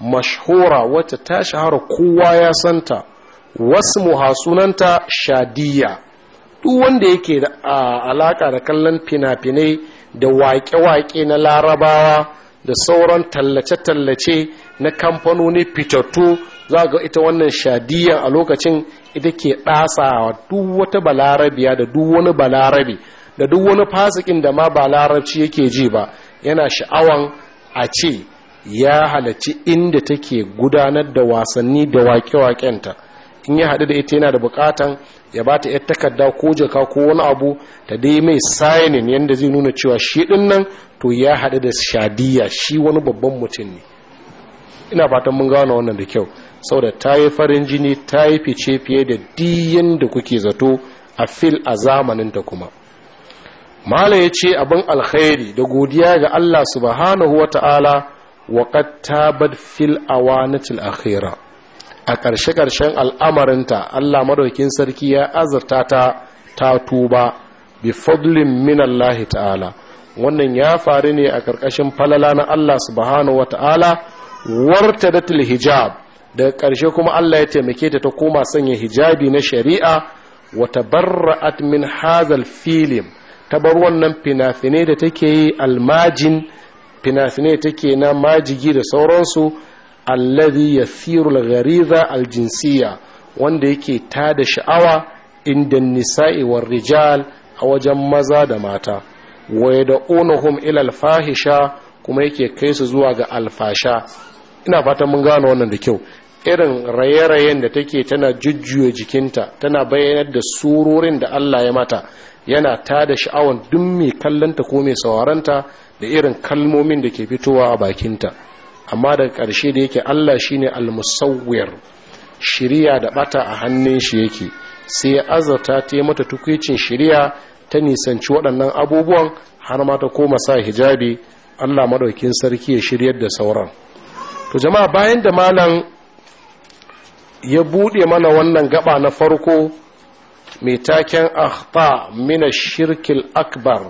mashhura wata ta shahara kowa ya santa wasu muha sunanta shadiya duk wanda yake da alaƙa da kallon fina-finai da waƙe-waƙe na larabawa da sauran tallace-tallace na kamfanoni fitattu za ga ita wannan shadiyan a lokacin ita ke ɗasawa duk wata balarabiya da duk wani balarabi da duk wani fasikin da ma ba yake ji ba yana sha'awan a ce ya halarci inda take gudanar da wasanni da wake-wakenta in ya haɗu da ita yana da buƙatan ya ba ta yar takarda ko jaka ko wani abu ta dai mai sayanin yadda zai nuna cewa shi ɗin nan to ya haɗu da shadiya shi wani babban mutum ne ina fatan mun gano wannan da kyau saboda ta yi farin jini ta yi fice fiye da diyin da kuke zato a fil a zamanin ta kuma mala ya ce abin alkhairi da godiya ga allah subhanahu wa ta'ala wa tabat fil awanatil akhira a ƙarshe-ƙarshen al'amarinta allah madaukin sarki ya azurta ta ta tuba bi fadlin min allah ta'ala wannan ya faru ne a ƙarƙashin falala na allah subhanahu wa ta'ala warta da hijab daga ƙarshe kuma Allah ya taimake ta ta koma sanya hijabi na shari'a wata tabarra'at min hazal filim ta bar wannan fina da take yi almajin fina take na majigi da sauransu alladhi yathirul ghariza aljinsiya wanda yake tada sha'awa inda nisa'i war rijal a wajen maza da mata wa yad'unuhum ilal fahisha kuma yake kai su zuwa ga alfasha ina fatan mun gano wannan da kyau irin raye-rayen da take tana jujjuya jikinta tana bayyanar da surorin da Allah ya mata yana ta da sha'awan duk mai kallonta ko mai sauraronta da irin kalmomin da ke fitowa a bakinta amma daga ƙarshe da yake Allah shine al-musawwir shiriya da bata a hannun shi yake sai ya azurta ta yi mata tukwicin shiriya ta nisanci waɗannan abubuwan har ma ta koma sa hijabi Allah madaukin sarki ya shiryar da sauran to jama'a bayan da malam ya buɗe mana wannan gaba na farko mai taken akhta mina shirkil akbar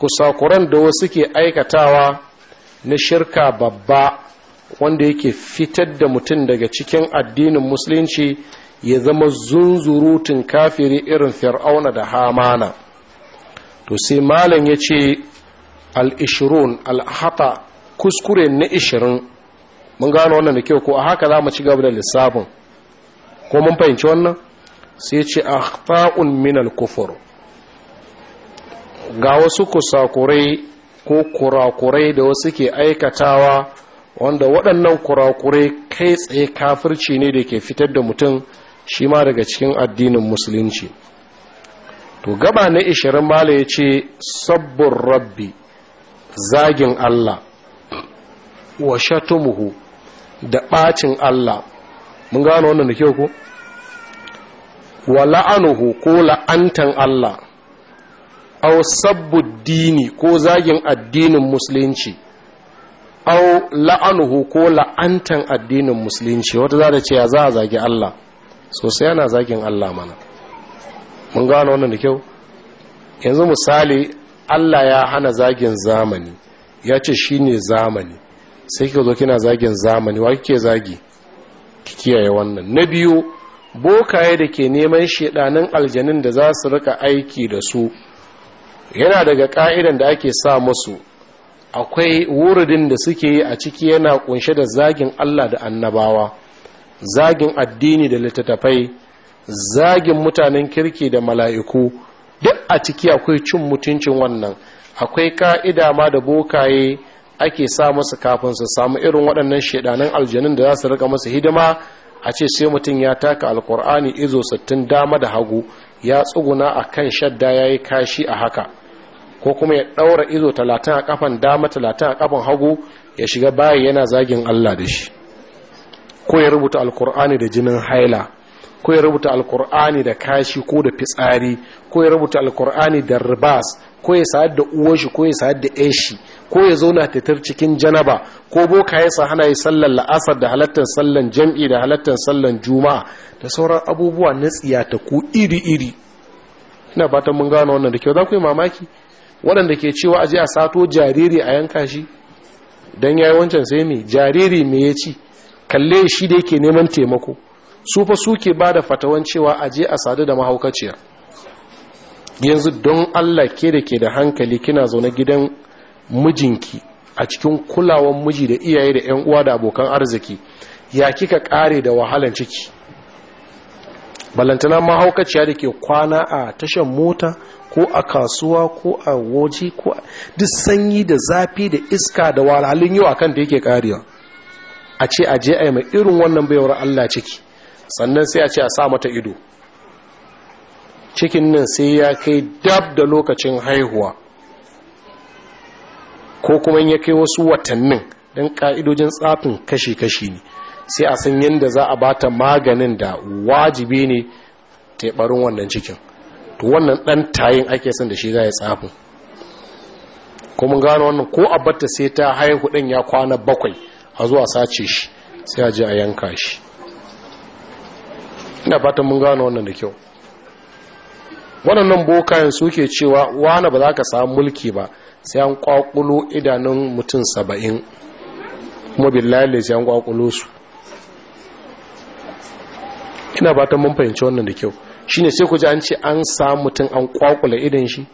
kusakuran da wasu ke aikatawa na shirka babba wanda yake fitar da mutum daga cikin addinin musulunci ya zama zunzurutun kafiri irin fir'auna da hamana to sai malam ya ce al-ishirun al-hata kuskure na ishirin mun gano wannan da kyau ko a haka za mu ci gaba da lissafin ko mun fahimci wannan sai ce a fa'un minal kufur, ga wasu kusakurai ko kurakurai da wasu ke aikatawa wanda waɗannan kurakurai kai tsaye kafirci ne da ke fitar da mutum shi ma daga cikin addinin musulunci to gaba na ishirin mala ya ce sabbin rabbi zagin allah wa shatumuhu da ɓacin Allah mun gano wannan da kyau ko wa la'anuhu ko la'antan Allah aw dini ko zagin addinin musulunci aw la'anuhu ko la'antan addinin musulunci wata za ta ce ya za a zagi Allah sosai yana zagin Allah mana mun gano wannan da kyau yanzu misali Allah ya hana zagin zamani ya ce shine zamani sai ka zo kina zagin zamani wa kike zagi ki kiyaye wannan na biyu bokaye da ke neman shedanin aljanin da za su rika aiki da su yana daga ka'idan da ake sa musu akwai wuridin da suke yi a ciki yana kunshe da zagin Allah da annabawa zagin addini da littattafai zagin mutanen kirki da mala'iku duk a ciki akwai cin mutuncin wannan akwai ka'ida ma da bokaye ake sa masa kafin su samu irin waɗannan shaidanan aljanin da za su rika masa hidima a ce sai mutum ya taka alkur'ani izo sittin dama da hagu ya tsuguna a kan shadda ya yi kashi a haka ko kuma ya ɗaura izo talatin a kafan dama talatin a kafan hagu ya shiga baya yana zagin allah da shi ko ya rubuta alkur'ani da jinin haila ko ya rubuta alkur'ani da kashi ko da fitsari ko ya rubuta alkur'ani da ribas ko ya sayar da uwashi ko ya sayar da eshi ko ya zauna tatar cikin janaba ko boka ya hana ya sallar la'asar da halattar sallan jam'i da halattar sallan juma'a da sauran abubuwa na tsiyata ku iri-iri ina fatan mun gano wannan da kyau za ku yi mamaki waɗanda ke cewa aje a sato jariri a yanka shi don yayi wancan sai me jariri me ya ci kalle shi da yake neman taimako su fa suke ba da fatawan cewa a je a sadu da mahaukaciya yanzu don allah ke da ke da hankali kina zaune gidan mijinki a cikin kulawan miji da iyaye da 'yan uwa da abokan arziki ya kika kare da wahalan ciki ballantana mahaukaciya da ke kwana a tashan mota ko a kasuwa ko a waje ko duk sanyi da zafi da iska da wahalhalin yau a akan da yake karewa a ce a je a yi mai irin wannan baiwar Allah ciki sannan sai a ce a sa mata ido cikin nan sai ya kai dab da lokacin haihuwa ko kuma ya kai wasu watannin don ka'idojin tsafin kashi-kashi ne sai a san yadda za a bata maganin da wajibi ne taibarin wannan cikin to wannan ɗan tayin ake son da shi za ya tsafin kuma gano wannan ko a sai ta haihu ɗin ya kwana bakwai a zuwa sace shi sai a ji a yanka shi ina fatan mun gano wannan da kyau waɗannan bokayen suke cewa wani ba za ka samu mulki ba sai an kwakulo idanun mutum saba'in kuma billahi sai an kwakulo su ina fatan mun fahimci wannan da kyau shine sai ku ji an ce an samu mutum an kwakula idan shi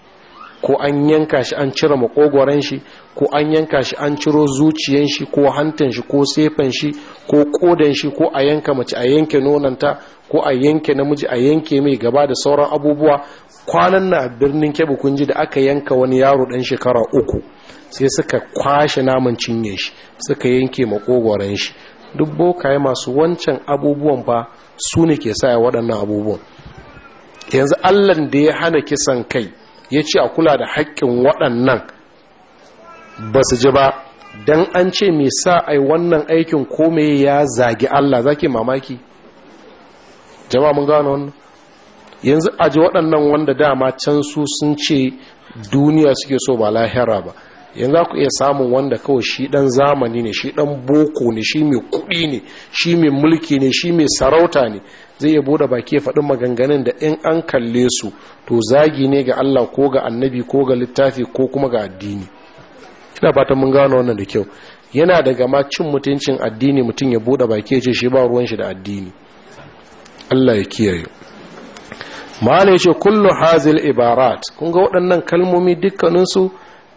ko an yanka shi an cire makogoran shi ko an yanka shi an ciro zuciyan shi ko hantan shi ko sefan shi ko kodan shi ko a yanka mace a yanke nonanta ko a yanke namiji a yanke mai gaba da sauran abubuwa kwanan na birnin kebe kun ji da aka yanka wani yaro dan shekara uku sai suka kwashe naman cinye shi suka yanke makogoran shi duk bokaye masu wancan abubuwan ba su ne ke sa waɗannan abubuwan yanzu allan da ya hana kisan kai ya ce a kula da haƙƙin waɗannan ba su ji ba don an ce mai sa a yi wannan aikin kome ya zagi Allah za ke mamaki jama'a mun gano wannan yanzu a ji waɗannan wanda dama can su sun ce duniya suke so ba lahira ba yanzu za ku iya samun wanda kawai shi ɗan zamani ne shi ɗan boko ne shi mai kuɗi ne shi mai mulki ne shi mai sarauta ne zai iya bude baki ya faɗi maganganun da in an kalle su to zagi ne ga Allah ko ga annabi ko ga littafi ko kuma ga addini ina fatan mun gano wannan da kyau yana daga ma cin mutuncin addini mutum ya bude baki ya ce shi ba ruwan shi da addini Allah ya kiyaye malai yace kullu hazil ibarat kun ga waɗannan kalmomi dukkaninsu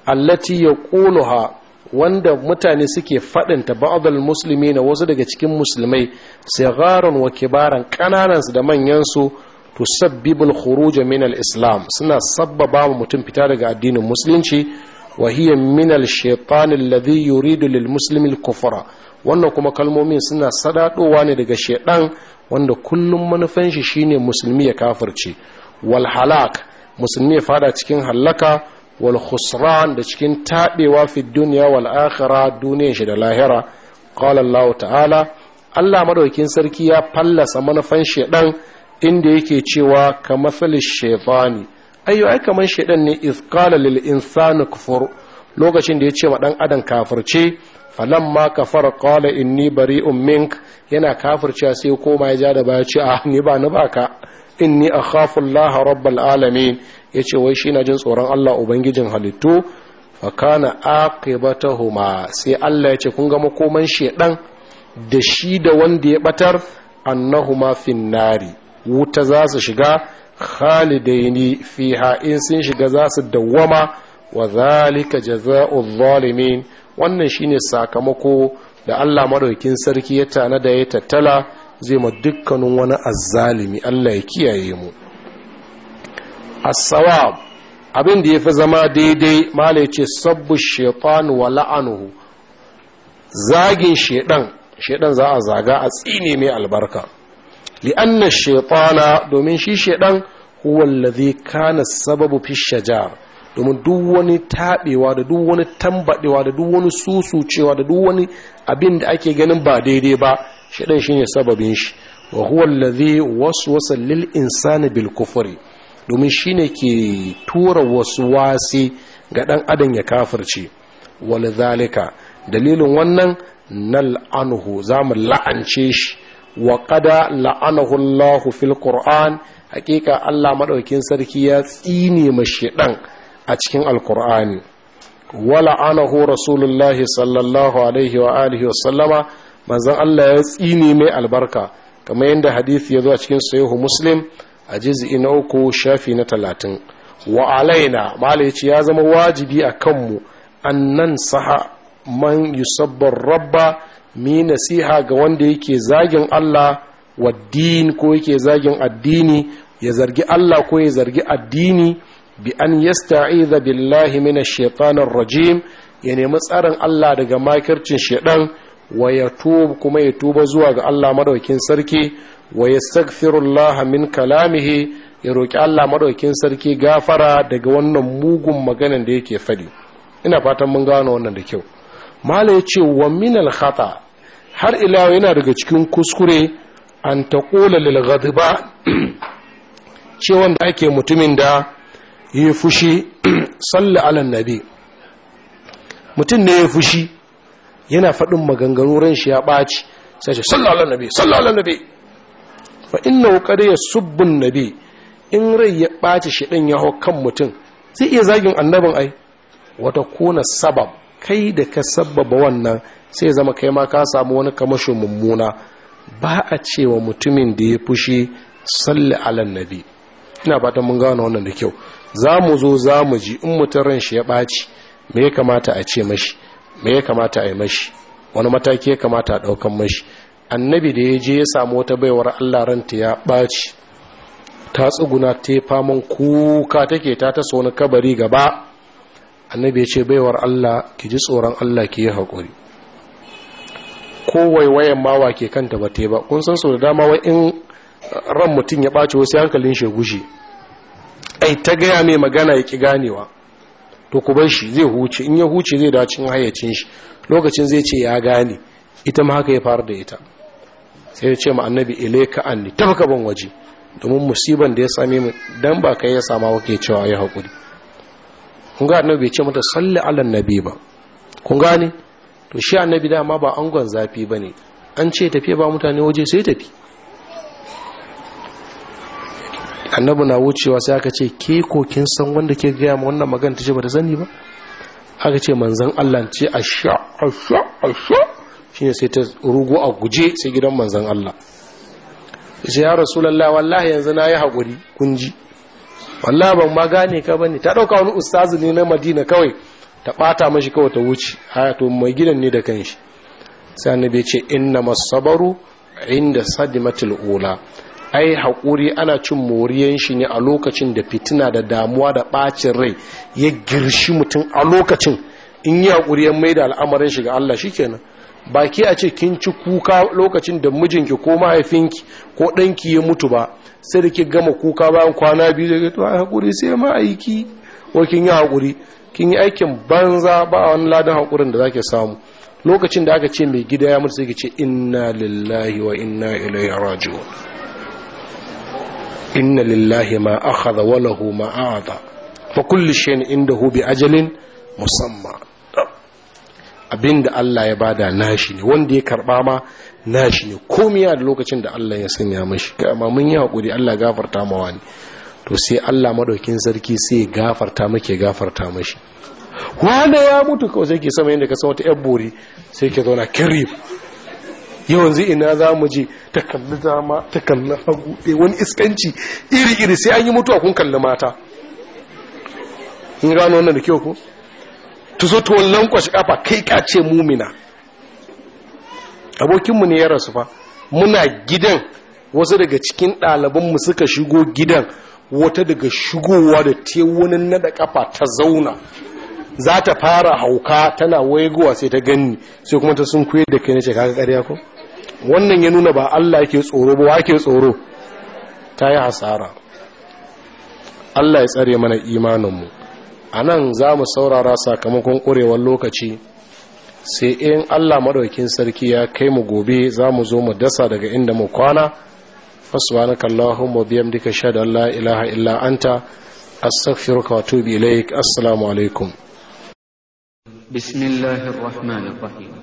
allati yaquluha wanda mutane suke faɗinta ba'adul musulmi na wasu daga cikin musulmai sigarun wa kibaran ƙananansu da manyansu to sabbibul khuruj min al-islam suna sabbaba wa mutum fita daga addinin musulunci wa hiya min al-shaytan alladhi yuridu lil muslimi al-kufra wannan kuma kalmomin suna sadadowa ne daga shedan wanda kullum manufan shi shine musulmi ya kafirce wal halak musulmi ya fada cikin halaka wal khusran da cikin taɓewa fi duniya wal akhira duniyar shi da lahira qala Allah ta'ala Allah madaukin sarki ya fallasa manufan shedan inda yake cewa ka matsali shaytani ayyo ai kaman shedan ne iz qala lil insani kufur lokacin da ya ce wa adam kafirce falamma kafar qala inni bari'un mink yana kafirce sai koma ya ja da baya ce ah ni ba ni baka inni akhafu laha rabbal alamin yace wai shi na jin tsoron Allah ubangijin halittu fa kana aqibatahuma sai Allah ya ce kun ga makoman shedan da shi da wanda ya batar annahuma finnari wuta za su shiga khalidaini fiha in sun shiga za su dawwama wa zalika jazaa'u zalimin wannan shine sakamako da Allah madaukin sarki ya tana da ya tattala zai ma dukkanin wani azzalimi Allah ya kiyaye mu as-sawab abin da yafi zama daidai malai ce sabbu shaytan wa la'anuhu zagin shaydan shaydan za a zaga a tsine mai albarka li'anna shaytana domin shi shaydan huwa alladhi kana sababu fi shajar domin duk wani taɓewa da duk wani tambaɗewa da duk wani susucewa da duk wani abin da ake ganin ba daidai ba shaidan shine sababin shi wa huwa wasu waswasa lil insani bil kufri domin shine ke tura wasi ga ɗan adam ya kafirce Wani zalika dalilin wannan na za zamu la'ance shi wa qada la'anahu Allahu fil qur'an hakika Allah maɗaukin sarki ya tsine ma shaidan a cikin Alƙur'ani. wa la'anuhu rasulullahi sallallahu alaihi wa alihi wa sallama manzon Allah ya tsini mai albarka kamar yadda hadisi ya zo a cikin sahihu muslim a jizi na uku shafi na talatin wa alaina malai ce ya zama wajibi a kanmu annan saha man yusabbar rabba mi nasiha ga wanda yake zagin Allah wa din ko yake zagin addini ya zargi Allah ko ya zargi addini bi an yasta'iza billahi minash shaitanir rajim ya nemi tsarin Allah daga makircin shedan wa tuba kuma ya tuba zuwa ga Allah madaukin sarki wa yastaghfirullah min kalamihi ya roki Allah madaukin sarki gafara daga wannan mugun maganan da yake fadi ina fatan mun gano wannan da kyau mala yace wa min al khata har ila yana daga cikin kuskure an taqula lil ghadba ce wanda ake mutumin da yi fushi salli ala nabi mutum ne ya fushi yana faɗin maganganu ran shi ya ɓaci sai shi sallallahu nabi sallallahu nabi fa inna qad yasubbun nabi in rai ya ɓaci shi ɗin ya hau kan mutum zai iya zagin annabin ai wata kona sabab kai da ka sabbaba wannan sai zama kai ma ka samu wani kamashin mummuna ba a cewa mutumin da ya fushi salli alan nabi ina fatan mun gano wannan da kyau za mu zo za mu ji in mutum ran shi ya ɓaci me ya kamata a ce mashi me ya kamata a yi mashi wani mataki ya kamata a ɗaukan mashi annabi da ya je ya samu wata baiwar allah ranta ya ɓaci ta tsuguna ta faman kuka take ta tasa wani kabari gaba annabi ya ce baiwar allah ki ji tsoron allah ki yi haƙuri kowai wayan mawa ke kanta ba ta ba kun san so da dama wai in ran mutum ya ɓaci wasu hankalin shi gushe ai ta gaya mai magana ya ki ganewa to ku bar shi zai huce in ya huce zai dace cikin hayyacin shi lokacin zai ce ya gane ita ma haka ya fara da ita sai ya ce ma annabi ilayka anni tafaka ban waje domin musiban da ya same mu dan ba kai ya sama wake cewa ya hakuri kun ga annabi ce mata salli ala nabi ba kun gane to shi annabi dama ba angon zafi bane an ce tafi ba mutane waje sai tafi annabi na wucewa sai aka ce ke ko kin san wanda ke gaya ma wannan magana ta ce bata sani ba aka ce manzon Allah ce asha asha asha shine sai ta rugu a guje sai gidan manzon Allah sai ya rasulullah wallahi yanzu na yi hakuri kunji wallah wallahi ban ma gane ka bane ta ɗauka wani ustazi ne na Madina kawai ta bata mashi kawai ta wuce hayato mai gidan ne da kanshi sai annabi ya ce inna masabaru inda sadimatul ula ai haƙuri ana cin moriyan shi ne a lokacin da fitina da damuwa da ɓacin rai ya girshi mutum a lokacin in yi haƙuri ya mai da al'amarin shiga Allah shi kenan baki a ce kin ci kuka lokacin da mijinki ko mahaifinki ko ɗanki ya mutu ba sai da ki gama kuka bayan kwana biyu da to ai haƙuri sai ma aiki ko kin yi haƙuri kin yi aikin banza ba wani ladan haƙurin da zake samu lokacin da aka ce mai gida ya mutu sai ki ce inna lillahi wa inna ilaihi raji'un inna lillahi ma akhadha wa lahu ma a'ata fa kullu shay'in indahu bi ajalin musamma abinda Allah ya bada nashi ne wanda ya karba ma nashi ne komiya da lokacin da Allah ya sanya mashi amma mun yi hakuri Allah gafarta ma wani to sai Allah madaukin sarki sai ya gafarta muke gafarta mashi wanda ya mutu kawai sai ke sama yadda ka san wata yar bori sai ke zauna kirif Yawanzu zai ina za mu je ta kalli dama ta kalli hagu ɗaya eh, wani iskanci iri-iri sai an yi mutuwa kun kalli mata in gano wannan da kyau ko ta so tuwon wallon kafa kai kace mumina abokinmu ne ya rasu fa muna gidan wasu daga cikin ɗalibanmu suka shigo gidan wata daga shigowa da te wani nada kafa ta zauna za ta fara hauka tana waigowa sai ta ganni sai kuma ta sun kuyar da kai na shekara ƙarya ko wannan ya nuna ba Allah yake tsoro ba wake tsoro ta yi hasara Allah ya tsare mana imaninmu a nan za mu saurara sakamakon ƙurewar lokaci sai in Allah maɗaukin sarki ya kai mu gobe za mu zo mu dasa daga inda mu kwana fasuwanaka Allahumma biyam dika shaɗa Allah ilaha illa anta astaghfiruka wa assalamu alaikum bismillahirrahmanirrahim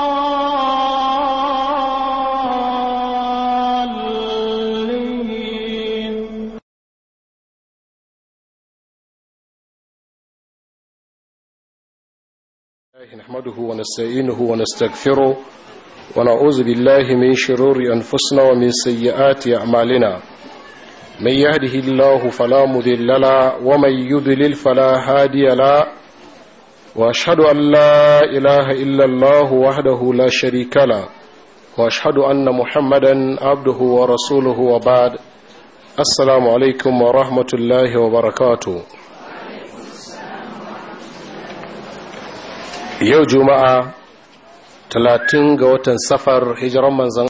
نحمده ونستعينه ونستغفره ونعوذ بالله من شرور أنفسنا ومن سيئات أعمالنا من يهده الله فلا مذل له ومن يضلل فلا هادي له وأشهد أن لا إله إلا الله وحده لا شريك له وأشهد أن محمدا عبده ورسوله وبعد السلام عليكم ورحمة الله وبركاته yau juma'a talatin ga watan safar hijiran manzan